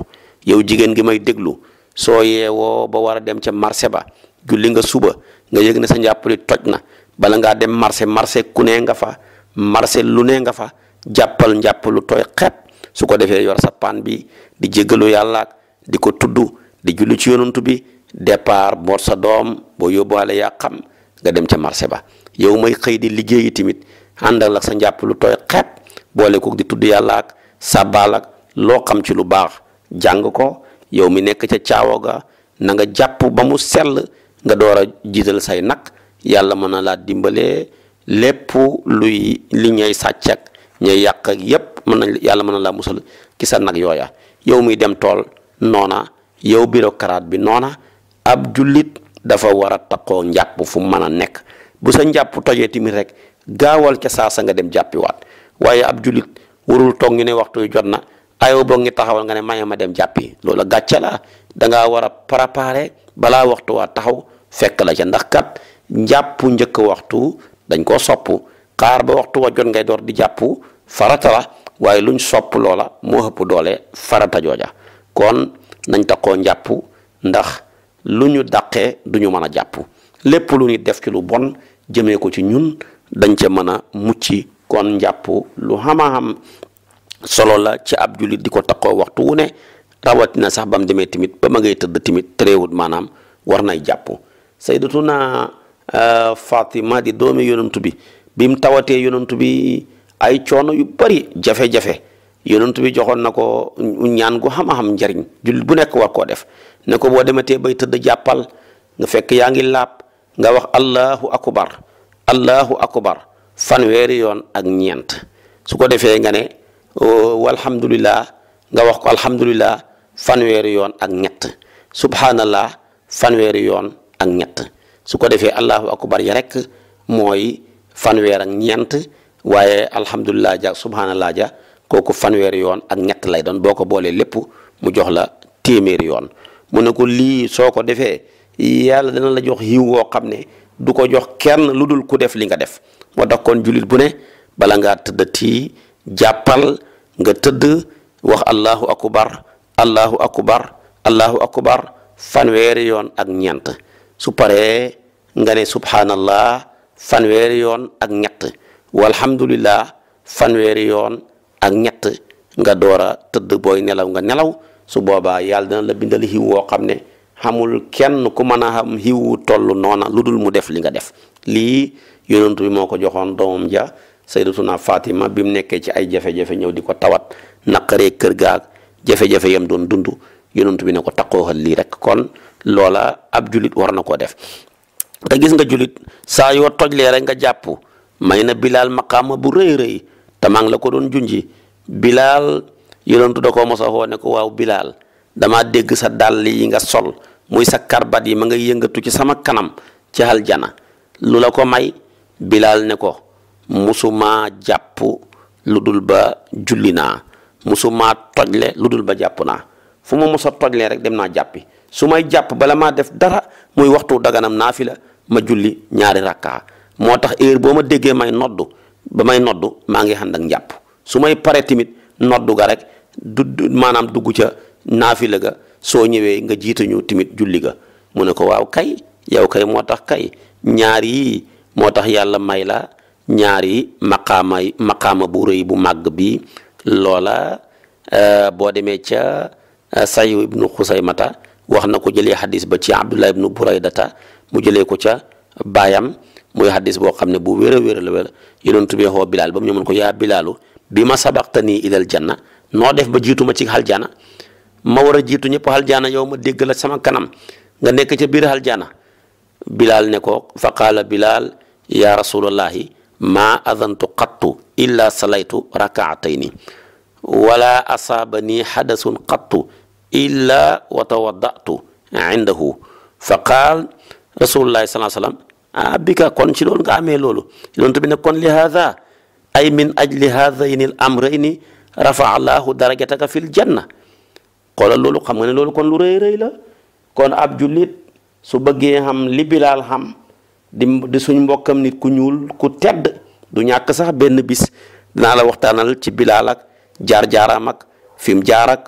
yow jigéen gi may déglu soo yeewoo ba war a dem ca marché ba julli nga suba nga yëg ne sa njàpp toj na bala ngaa dem marché marché ku ne nga fa marché lu nee nga fa jàppal njàpp lu tooy xepp su ko defee yor sa paan bi di jéggalu yàllaak di ko tudd di jullu ci yonantu bi départ bor sa doom boo yóbbuwaale yaa xam nga dem ca marché ba yow may xëy di liggéeyi tamit àndal ak sa njàpp lu tooy xepp boole ko di tudd yàllaak ak sàbbaal loo xam ci lu baax jàng ko yow mi nekk ca caawa ga na nga jàpp ba mu sell nga door a jiital say nag yàlla mën na laa dimbalee lépp luy li ñooy sàcc ñay yàq ak yépp mën nañ yàlla mën na laa musal ci sa nag yooya yow muy dem tool noona yow karaat bi noona ab jullit dafa war a taqoo njàpp fu mën a nekk bu sa njàpp tojee timit rek gaawal ca saa sa nga dem jàppiwaat waaye ab jullit warul toog ñu ne waxtu jot na ayoo boog ngi taxawal nga ne maye ma dem jàppi loola gàcce la da ngaa war a préparer balaa waxtu waa taxaw fekk la ca ndax kat njàpp njëkk waxtu dañ koo sopp xaar ba waxtu wa jot ngay door di jàpp farata la waaye luñ sopp loola moo ëpp doole farata jooja kon nañ takkoo njàpp ndax lu ñu dàqee du ñu mën a jàpp lépp lu ñuy def ci lu bon jëmee ko ci ñun dañ ca mën a mucc kon njàpp lu xama-xam solo la ci ab jullit di ko takkoo waxtu wu ne rawatina sax ba mu demee tamit ba ma ngay tëdd tamit tréewut maanaam war nay jàpp sayyidatuna euh, Fatima di doomi yonent bi bi mu tawatee yonent bi ay coono yu bari jafe-jafe yonent bi joxoon na ko ñaan gu xam-xam njariñ bu nekk war koo def ne ko boo dematee bay tëdd jàppal nga fekk yaa ngi laab nga wax allahu akbar allahu akbar fanweeri yoon ak ñeent su ko defee nga ne walhamdulillah nga wax ko alhamdulillah fanweeri yoon ak ñett subhanallah fanweeri yoon ak ñett su ko defee allahu akbar ya rek mooy fanweer ak ñeent waaye alhamdulilah ja subhanallah ja kooku fanweer yoon ak ñett lay doon boo ko boolee lépp mu jox la téeméeri yoon mu ne ko lii soo ko defee yàlla dana la jox yiw woo xam ne du ko jox kenn lu dul ku def li nga def moo tax kon jullit bu ne bala ngaa tëdd tii jàppal nga tëdd wax allahu akbar allahu akbar allahu akbar fanweeri yoon ak ñeent su paree nga ne subhanallah fanweeri yoon ak ñett walhamdulillah fanweeri yoon ak ñett nga door a tëdd booy nelaw nga nelaw su boobaa yàlla dina la bindal xiw woo xam ne xamul kenn ku mën a xam xiwu toll noona lu dul mu def li nga def lii yonent bi moo ko joxoon doomam ja na Fatima bi mu nekkee ci ay jafe-jafe ñëw di ko tawat naqaree kër gaag jafe-jafe yam doon dund yonent bi ne ko takkooxal lii rek kon loola ab julit war na koo def te gis nga julit saa yoo tojlee rek nga jàpp may na bilaal maqaama bu rëy rëy te maa ngi la ko doon junji bilaal yonentu da ko mos a ne ko waaw bilaal damaa dégg sa dàll yi nga sol muy sa karbat yi ma nga yëngatu ci sama kanam ci aljana lu la ko may bilaal ne ko musumaa jàpp lu dul ba julli naa musumaa tojle lu dul ba jàpp naa fu ma mos a tojlee rek dem naa jàppi su may jàpp bala maa def dara muy waxtu daganam la ma julli ñaari rakkaa moo tax heure boo ma déggee may noddu ba may noddu maa ngi ànd ak njàpp su may pare tamit noddu ga rek du maanaam dugg ca naafila ga soo ñëwee nga jiitañu tamit julli ga mu ne ko waaw kay yow kay moo tax kay ñaar yii moo tax yàlla may la ñaari yi maqaama bu rëy bu màgg bi loola euh, boo demee ca euh, sayu ibnu xusaymata wax na ko jëlee xadis ba ci abdullah ibnu data mu jëlee ko ca baayam muy hadis boo xam ne bu wér a wér a bi xoo bilaal ba mu ñëwoon ko yaa bilaalu bi ma sabaqtanii ilal janna noo def ba jiitu ma ci xaljaana ma war a jiitu ñëpp xaljaana yow ma dégg la sama kanam nga nekk ca biir xaljaana bilaal ne ko fa qaala bilaal yaa rasulallahi maa adantu qattu illa salaytu rakaatayni wala asaabanii xadasun qattu illa wa tawaddatu indahu fa qaal rasulullahi salaa salaam ah kon ci loolu nga amee loolu yonent bi ne kon li haada ay min ajli haadayni l amrayni rafa allahu darajataka fil janna xoolal loolu xam nga ne loolu kon lu rëy rëy la kon ab jullit su bëggee xam li bilaal xam di di suñ mbokkam nit ku ñuul ku tedd du ñàkk sax benn bis dinaa la waxtaanal ci bilaal ak jaar jaaraam ak fi mu jaar ak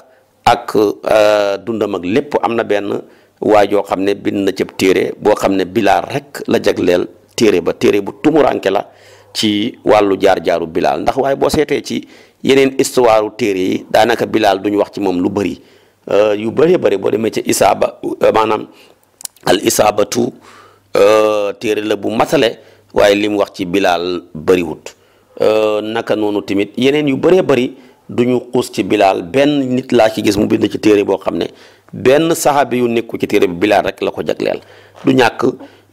ak euh, lépp am na benn waa joo xam ne bind na cëb téere boo xam ne bilaal rek la jagleel téere ba téere bu tumuranke la ci wàllu jaar-jaaru bilaal ndax waaye boo seetee ci yeneen histoire téere yi daanaka bilaal duñu wax ci moom lu bëri euh, yu bëree bëri boo demee ci isaaba euh, maanaam al isaabatu euh, téere la bu matale waaye li mu wax ci bilaal bëriwut naka noonu tamit yeneen yu bëree bari duñu xuus ci bilaal benn nit laa ci gis mu bind ci téere boo xam ne benn saxaabi yu nekku ci téere bi Bilaal rek la ko jagleel du ñàkk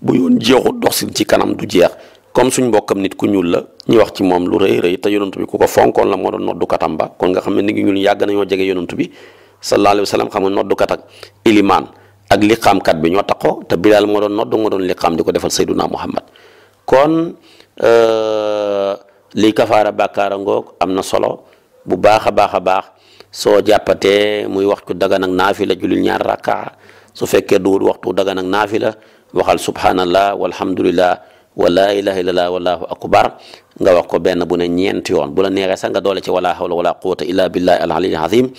bu yoon jeexul dox si ci kanam du jeex comme suñ mbokkam nit ku ñuul la ñuy wax ci moom lu rëy rëy te yonantu bi ku ko fonkoon la moo doon noddu katam ba kon nga xam ne nit ñi ñuul yàgg nañoo jege yonantu bi sallallahu alayhi wa sallam xam nga noddu ak ilimaan ak bi ñoo taxoo te Bilaal moo doon noddu moo doon liqaam di ko defal Sayyiduna Muhammad kon euh, liy kafaara bàkkaara ngoog am na solo bu baax a baax a baax. soo jàppatee muy waxtu dagan ak naafila julil ñaar rakka su fekkee duwul waxtu dagan ak naafila waxal subhanallah walhamdulillah wala ilaha illallah wallahu akbar nga wax ko benn bu ne ñeenti yoon bu la neexee sax nga doole ci wala hawla wala quwwata illa billahi al aliyyil azim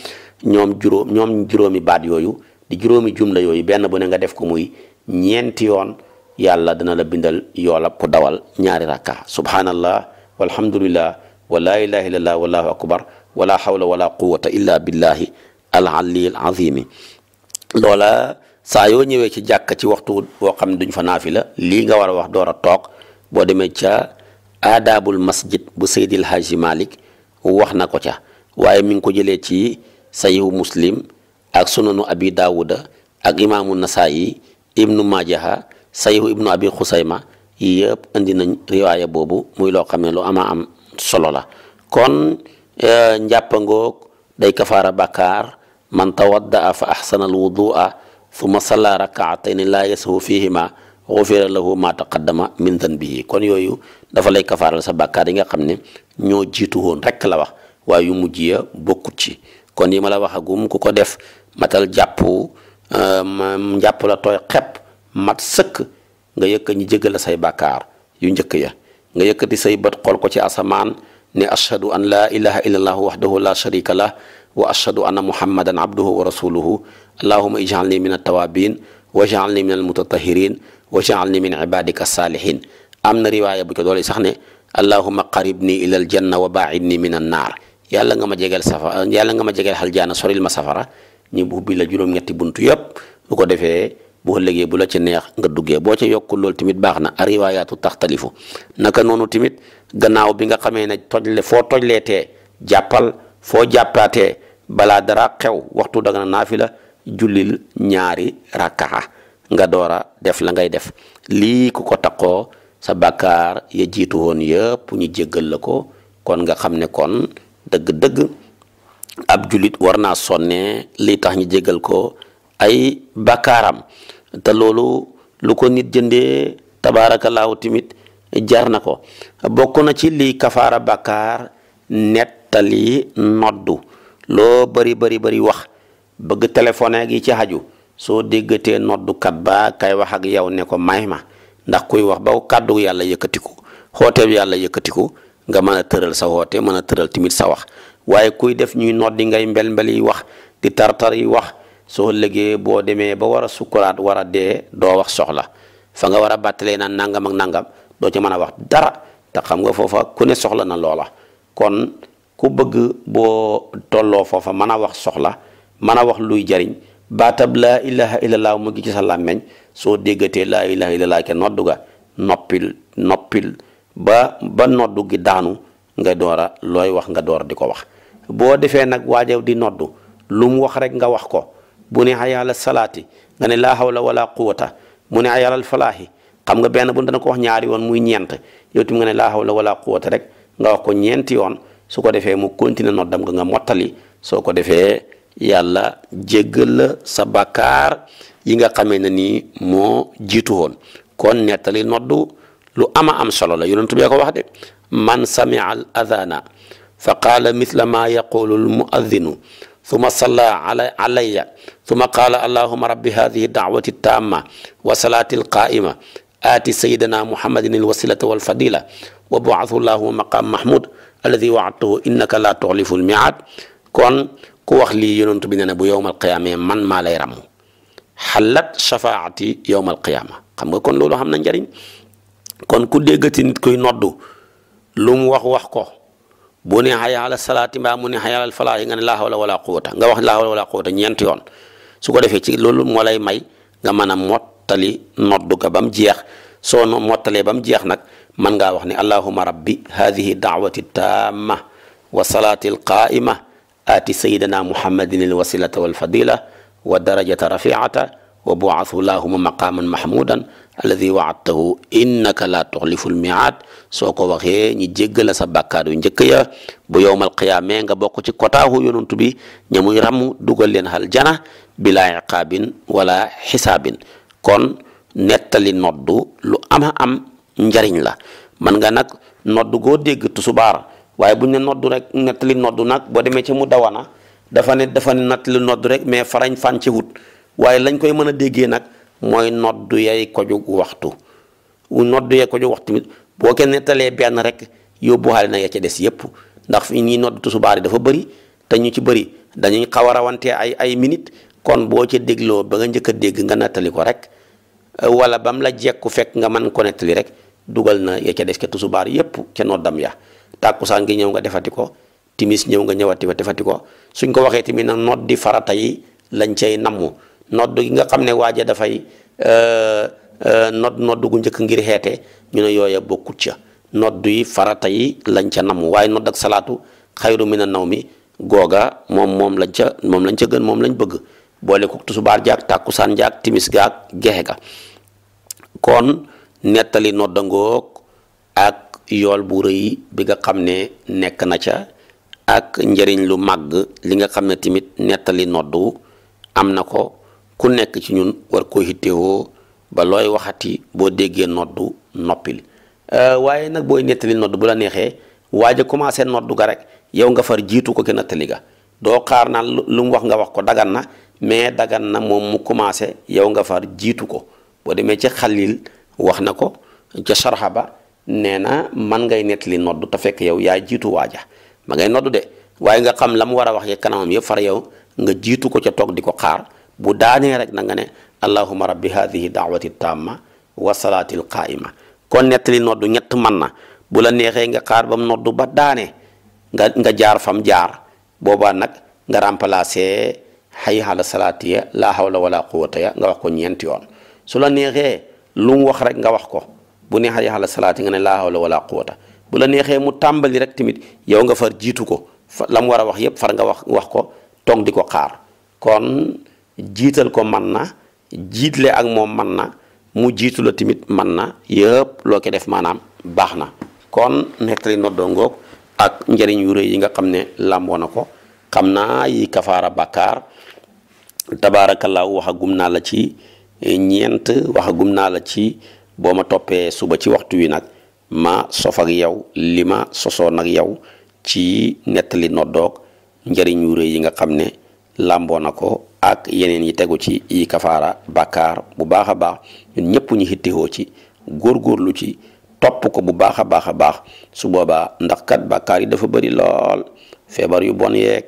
ñoom juróom ñoom juróomi baat yooyu di juróomi jumla yooyu benn bu ne nga def ko muy ñeenti yoon yàlla dana la bindal yoolab ku dawal ñaari rakka subhanallah walhamdulillah wala ilaha illallah wallahu akbar wala hawla wala quwata illa billahi al aliyil azimi loola saa yoo ñëwee ci jàkk ci waxtu boo xam ne duñ fa naafila lii nga war a wax door a toog boo demee ca aadaabul masjid bu seydil haaji malik wax na ko ca waaye mi ngi ko jëlee ci sayihu muslim ak sunanu abi daawuda ak imaamu nasaayi ibnu majaha sayihu ibnu abi xusayma yëpp indi nañ riwaaya boobu muy loo xam ne lu ama am solo la kon njàppangoog day kafaara bàkkaar man tawaddaa fa ahsana al wudua summa salla rakaatayni laa yasahu fihima xufira lahu ma taqaddama bi danbihi kon yooyu dafa lay kafaaral sa bàkkaar yi nga xam ne ñoo jiitu woon rekk la wax waaye yu mujj ya bokkut ci kon yi ma la waxagum ku ko def matal jàpp njàpp la tooy xepp mat sëkk nga yëkk ñi jéggal say bàkkaar yu njëkk ya nga yëkkati say bët xool ko ci asamaan ne ashhadu an laa ilaha illa allahu waxdahu la sharika lah wa ashhadu anna muhammadan abduhu wa rasuluhu allahuma ij'alni min at-tawabin waj'alni min al-mutatahhirin waj'alni min ibadika as-salihin am na riwaaya bu ko doole sax ne allahuma qaribni ila aljanna wa ba'idni min an-naar yàlla nga ma jegeel safara yàlla nga ma jegeel aljanna soril ma safara ñu ubbi la juróom-ñetti buntu yëpp bu ko defee bu ëllëgee bu la ci neex nga duggee boo ca yokkul loolu tamit baax na a riwaayaatu taxtalifu naka noonu gannaaw bi nga xamee ne tojle foo tojleetee jàppal foo jàppaatee balaa dara xew waxtu naa fi la jullil ñaari rakkaxa nga door a def la ngay def lii ku ko taqoo sa bàkkaar ya jiitu woon yëpp ñu jéggal la ko kon nga xam ne kon dëgg-dëgg ab jullit war naa sonne lii tax ñu jéggal ko ay bàkkaaram te loolu lu ko nit jëndee tabaarakallaahu timit jar na ko bokk na ci lii kafaara bàkkaar nettali noddu loo bari bari bari wax bëgg téléphoné gi ci xaju soo déggatee noddukat ba kay wax ak yow ne ko may ma ndax kuy wax ba kàddu yàlla yëkkatiku xooteeb yàlla yëkkatiku nga mën a tëral sa woote mën a tëral tamit sa wax waaye kuy def ñuy noddi ngay mbel-mbel yi wax di tartar yi wax soo lëgee boo demee ba war a sukkuraat war a dee doo wax soxla fa nga war a bàttalee naan nangam ak nangam doo ci mën a wax dara te xam nga foofa ku ne soxla na loola kon ku bëgg boo tolloo foofa mën a wax soxla mën a wax luy jariñ baatab laa ilaha illallah mu ngi ci sa làmmeñ soo déggatee laa ilaha illallah ke noddu ga noppil noppil ba ba noddu gi daanu nga doora looy wax nga door di ko wax boo defee nag waajaw di noddu lu mu wax rek nga wax ko bu ne xayaala salaati nga ne laa hawla wala quwata mu ne xayaala falaahi xam nga benn bu dana ko wax ñaari yoon muy ñeent yow tim nga ne laa hawla wala quwwata rek nga wax ko ñeenti yoon su ko defee mu continuer noddam nga nga mottali soo ko defee yàlla jéggal la sa bakar yi nga xamee ne nii moo jiitu woon kon nettali noddu lu ama am solo la yonentu bee ko wax de man samia al adana fa qaala mithla ma yaqulu al muaddinu summa salla ala alayya summa qaala allahuma rabbi hadihi da'wati tamma wa salati al aati sayidana muhammadin al wasilata wal fadila wa buathu llahu maqaam mahmud alladi waadtuhu innaka laa tuxlifu l miaad kon ku wax lii yonent bi ne ne bu yowmal qiyaama man maa lay ràmm xalat shafaati yowmal qiyaama xam nga kon loolu xam na njariñ kon ku déggati nit koy noddu lu mu wax wax ko bu ne hayya ala salaati mbaa mu ne hayya ala falaahi nga ne laa hawla wala quwwata nga wax laa hawla wala quwwata ñeenti yoon su ko defee ci loolu moo may nga mën a mot. mottali noddu ga ba mu jeex soo mottalee ba mu jeex nag mën ngaa wax ne allahuma rabbi hadihi daawati taama wa salaati alqaima aati sayidana muhammadin alwasilata walfadila wa darajata rafiata wa buaathu lahuma maqaman mahmudan alladi waadtahu innaka laa tuxlifu lmiaad soo ko waxee ñi jéggala sa bàkkaar yu njëkk ya bu yowmal qiyaamee nga bokk ci kotaahu yonantu bi ñamuy ramm dugal leen hal jana bila iqaabin wala xisaabin kon nettali noddu lu ama am njariñ la man nga nag noddu goo dégg tusubaar waaye buñ ne noddu rek nettali noddu nag boo demee ci mu dawana dafa ne dafa ne nettali noddu rek mais farañ fànce wut waaye lañ koy mën a déggee nag mooy noddu yay ko jug waxtu noddu yay ko jug waxtu boo ko nettalee benn rek yóbbu yóbbuwaale na ya ca des yépp ndax fi ñuy noddu tusubaar yi dafa bëri te ñu ci bëri dañuy xaw ay ay minute kon boo ca dégloo ba nga njëkk a dégg nga nattali ko rek euh, wala bam la jekku fekk nga mën ko nettali rek dugal na ya ca des ca tusubaar yépp ca noddam ya tàkkusaan gi ñëw nga defati ko timis ñëw nga ñëwati ko defati ko suñ ko waxee tamit nag noddi farata yi lañ cay namm nodd gi nga xam ne waaja dafay euh, euh, nodd nodd gu njëkk ngir xeete ñu ne yooya bokkut ca nodd yi farata yi lañ ca namm waaye nodd ak salaatu xayru mina naw mi googa moom moom lañ ca moom lañ ca gën moom lañ bëgg boole ko tusubaar jaag tàkkusaan jaag timis gaag gexe ga kon nettali noddangoog ak yool bu rëy bi nga xam ne nekk na ca ak njëriñ lu màgg li nga xam ne tamit nettali noddu am na ko ku nekk ci ñun war koo hittewoo ba looy waxati boo déggee noddu noppil euh, waaye nag booy nettali noddu bu la neexee waaja commencé noddu ga rek yow nga far jiitu ko ki nettali ga doo xaar naan lu mu wax nga wax ko dagan na mais dagan na moom mu commencé yow nga far jiitu ko boo demee ci xalil wax na ko ca sarxa ba nee na man ngay nettali noddu ta fekk yow yaa jiitu waaja ma ngay noddu de waaye nga xam la mu war a wax ci kanamam yëpp far yow nga jiitu ko ca toog di ko xaar bu daanee rek na nga ne allahuma rabbi hadihi daawati tamma wa salaati al qaima kon nettali noddu ñett man na bu la neexee nga xaar ba mu noddu ba daanee nga nga jaar fam jaar boobaa nag nga remplacer xay ala salaati ya laa hawla wala quwata ya nga wax ko ñeenti yoon su la neexee lu mu wax rek nga wax ko bu nee xay ala salaati nga ne laa hawla wala quwata bu la neexee mu tàmbali rek tamit yow nga far jiitu ko la mu war a wax yépp far nga wax wax ko toog di ko xaar kon jiital ko man na jiitle ak moom man na mu jiitu la tamit man na yépp loo ko def maanaam baax na kon nettali noddoo ngoog ak njëriñ yu rëy yi nga xam ne làmboo na ko xam naa yi kafaara bàkkaar tabaarakallaahu waxagum naa la ci ñeent waxagum naa la ci boo ma toppee suba ci waxtu wi nag ma sof ak yow li ma sosoon ak yow ci nettali noddoog njëriñ yu rëy yi nga xam ne làmboo na ko ak yeneen yi tegu ci yi kafaara bàkkaar bu baax a baax ñun ñëpp ñu xittewoo ci góor góorgóorlu ci topp ko bu baax a baax a baax su boobaa ndax kat bàkkaar yi dafa bëri lool feebar yu bon yeeg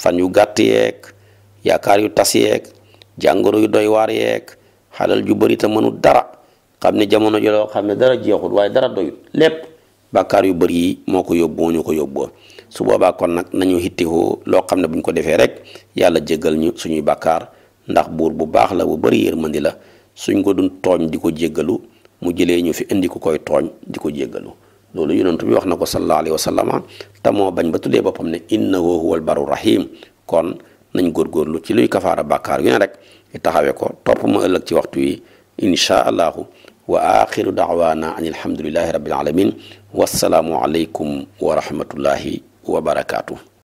fan yu gàtt yeeg yaakaar yu tas yeeg jàngoro yu doy waar yeeg xalal ju bëri te mënul dara xam ne jamono ji loo xam ne dara jeexul waaye dara doyul lépp bàkkaar yu bëri yi moo ko yóbboo ñu ko yóbboo su boobaa kon nag nañu hittihoo loo xam ne bu ñu ko defee rek yàlla jéggal ñu suñuy bàkkaar ndax buur bu baax la bu bëri yërmandi la suñ ko dun tooñ di ko jéggalu mu jëlee ñu fi indi ko koy tooñ di ko jéggalu loolu yonentu bi wax na ko sallallahu alayhi wa sallama te moo bañ ba tuddee boppam ne innahu huwal barur rahim nañ góorgóorlu ci luy kafaara bàkkaar yu ne rek taxawee ko topp ma ëllëg ci waxtu yi inchaa allahu wa axiru daawaana an alhamdulillahi rabbil alamin wassalaamu aleykum wa rahmatullahi wa barakaatu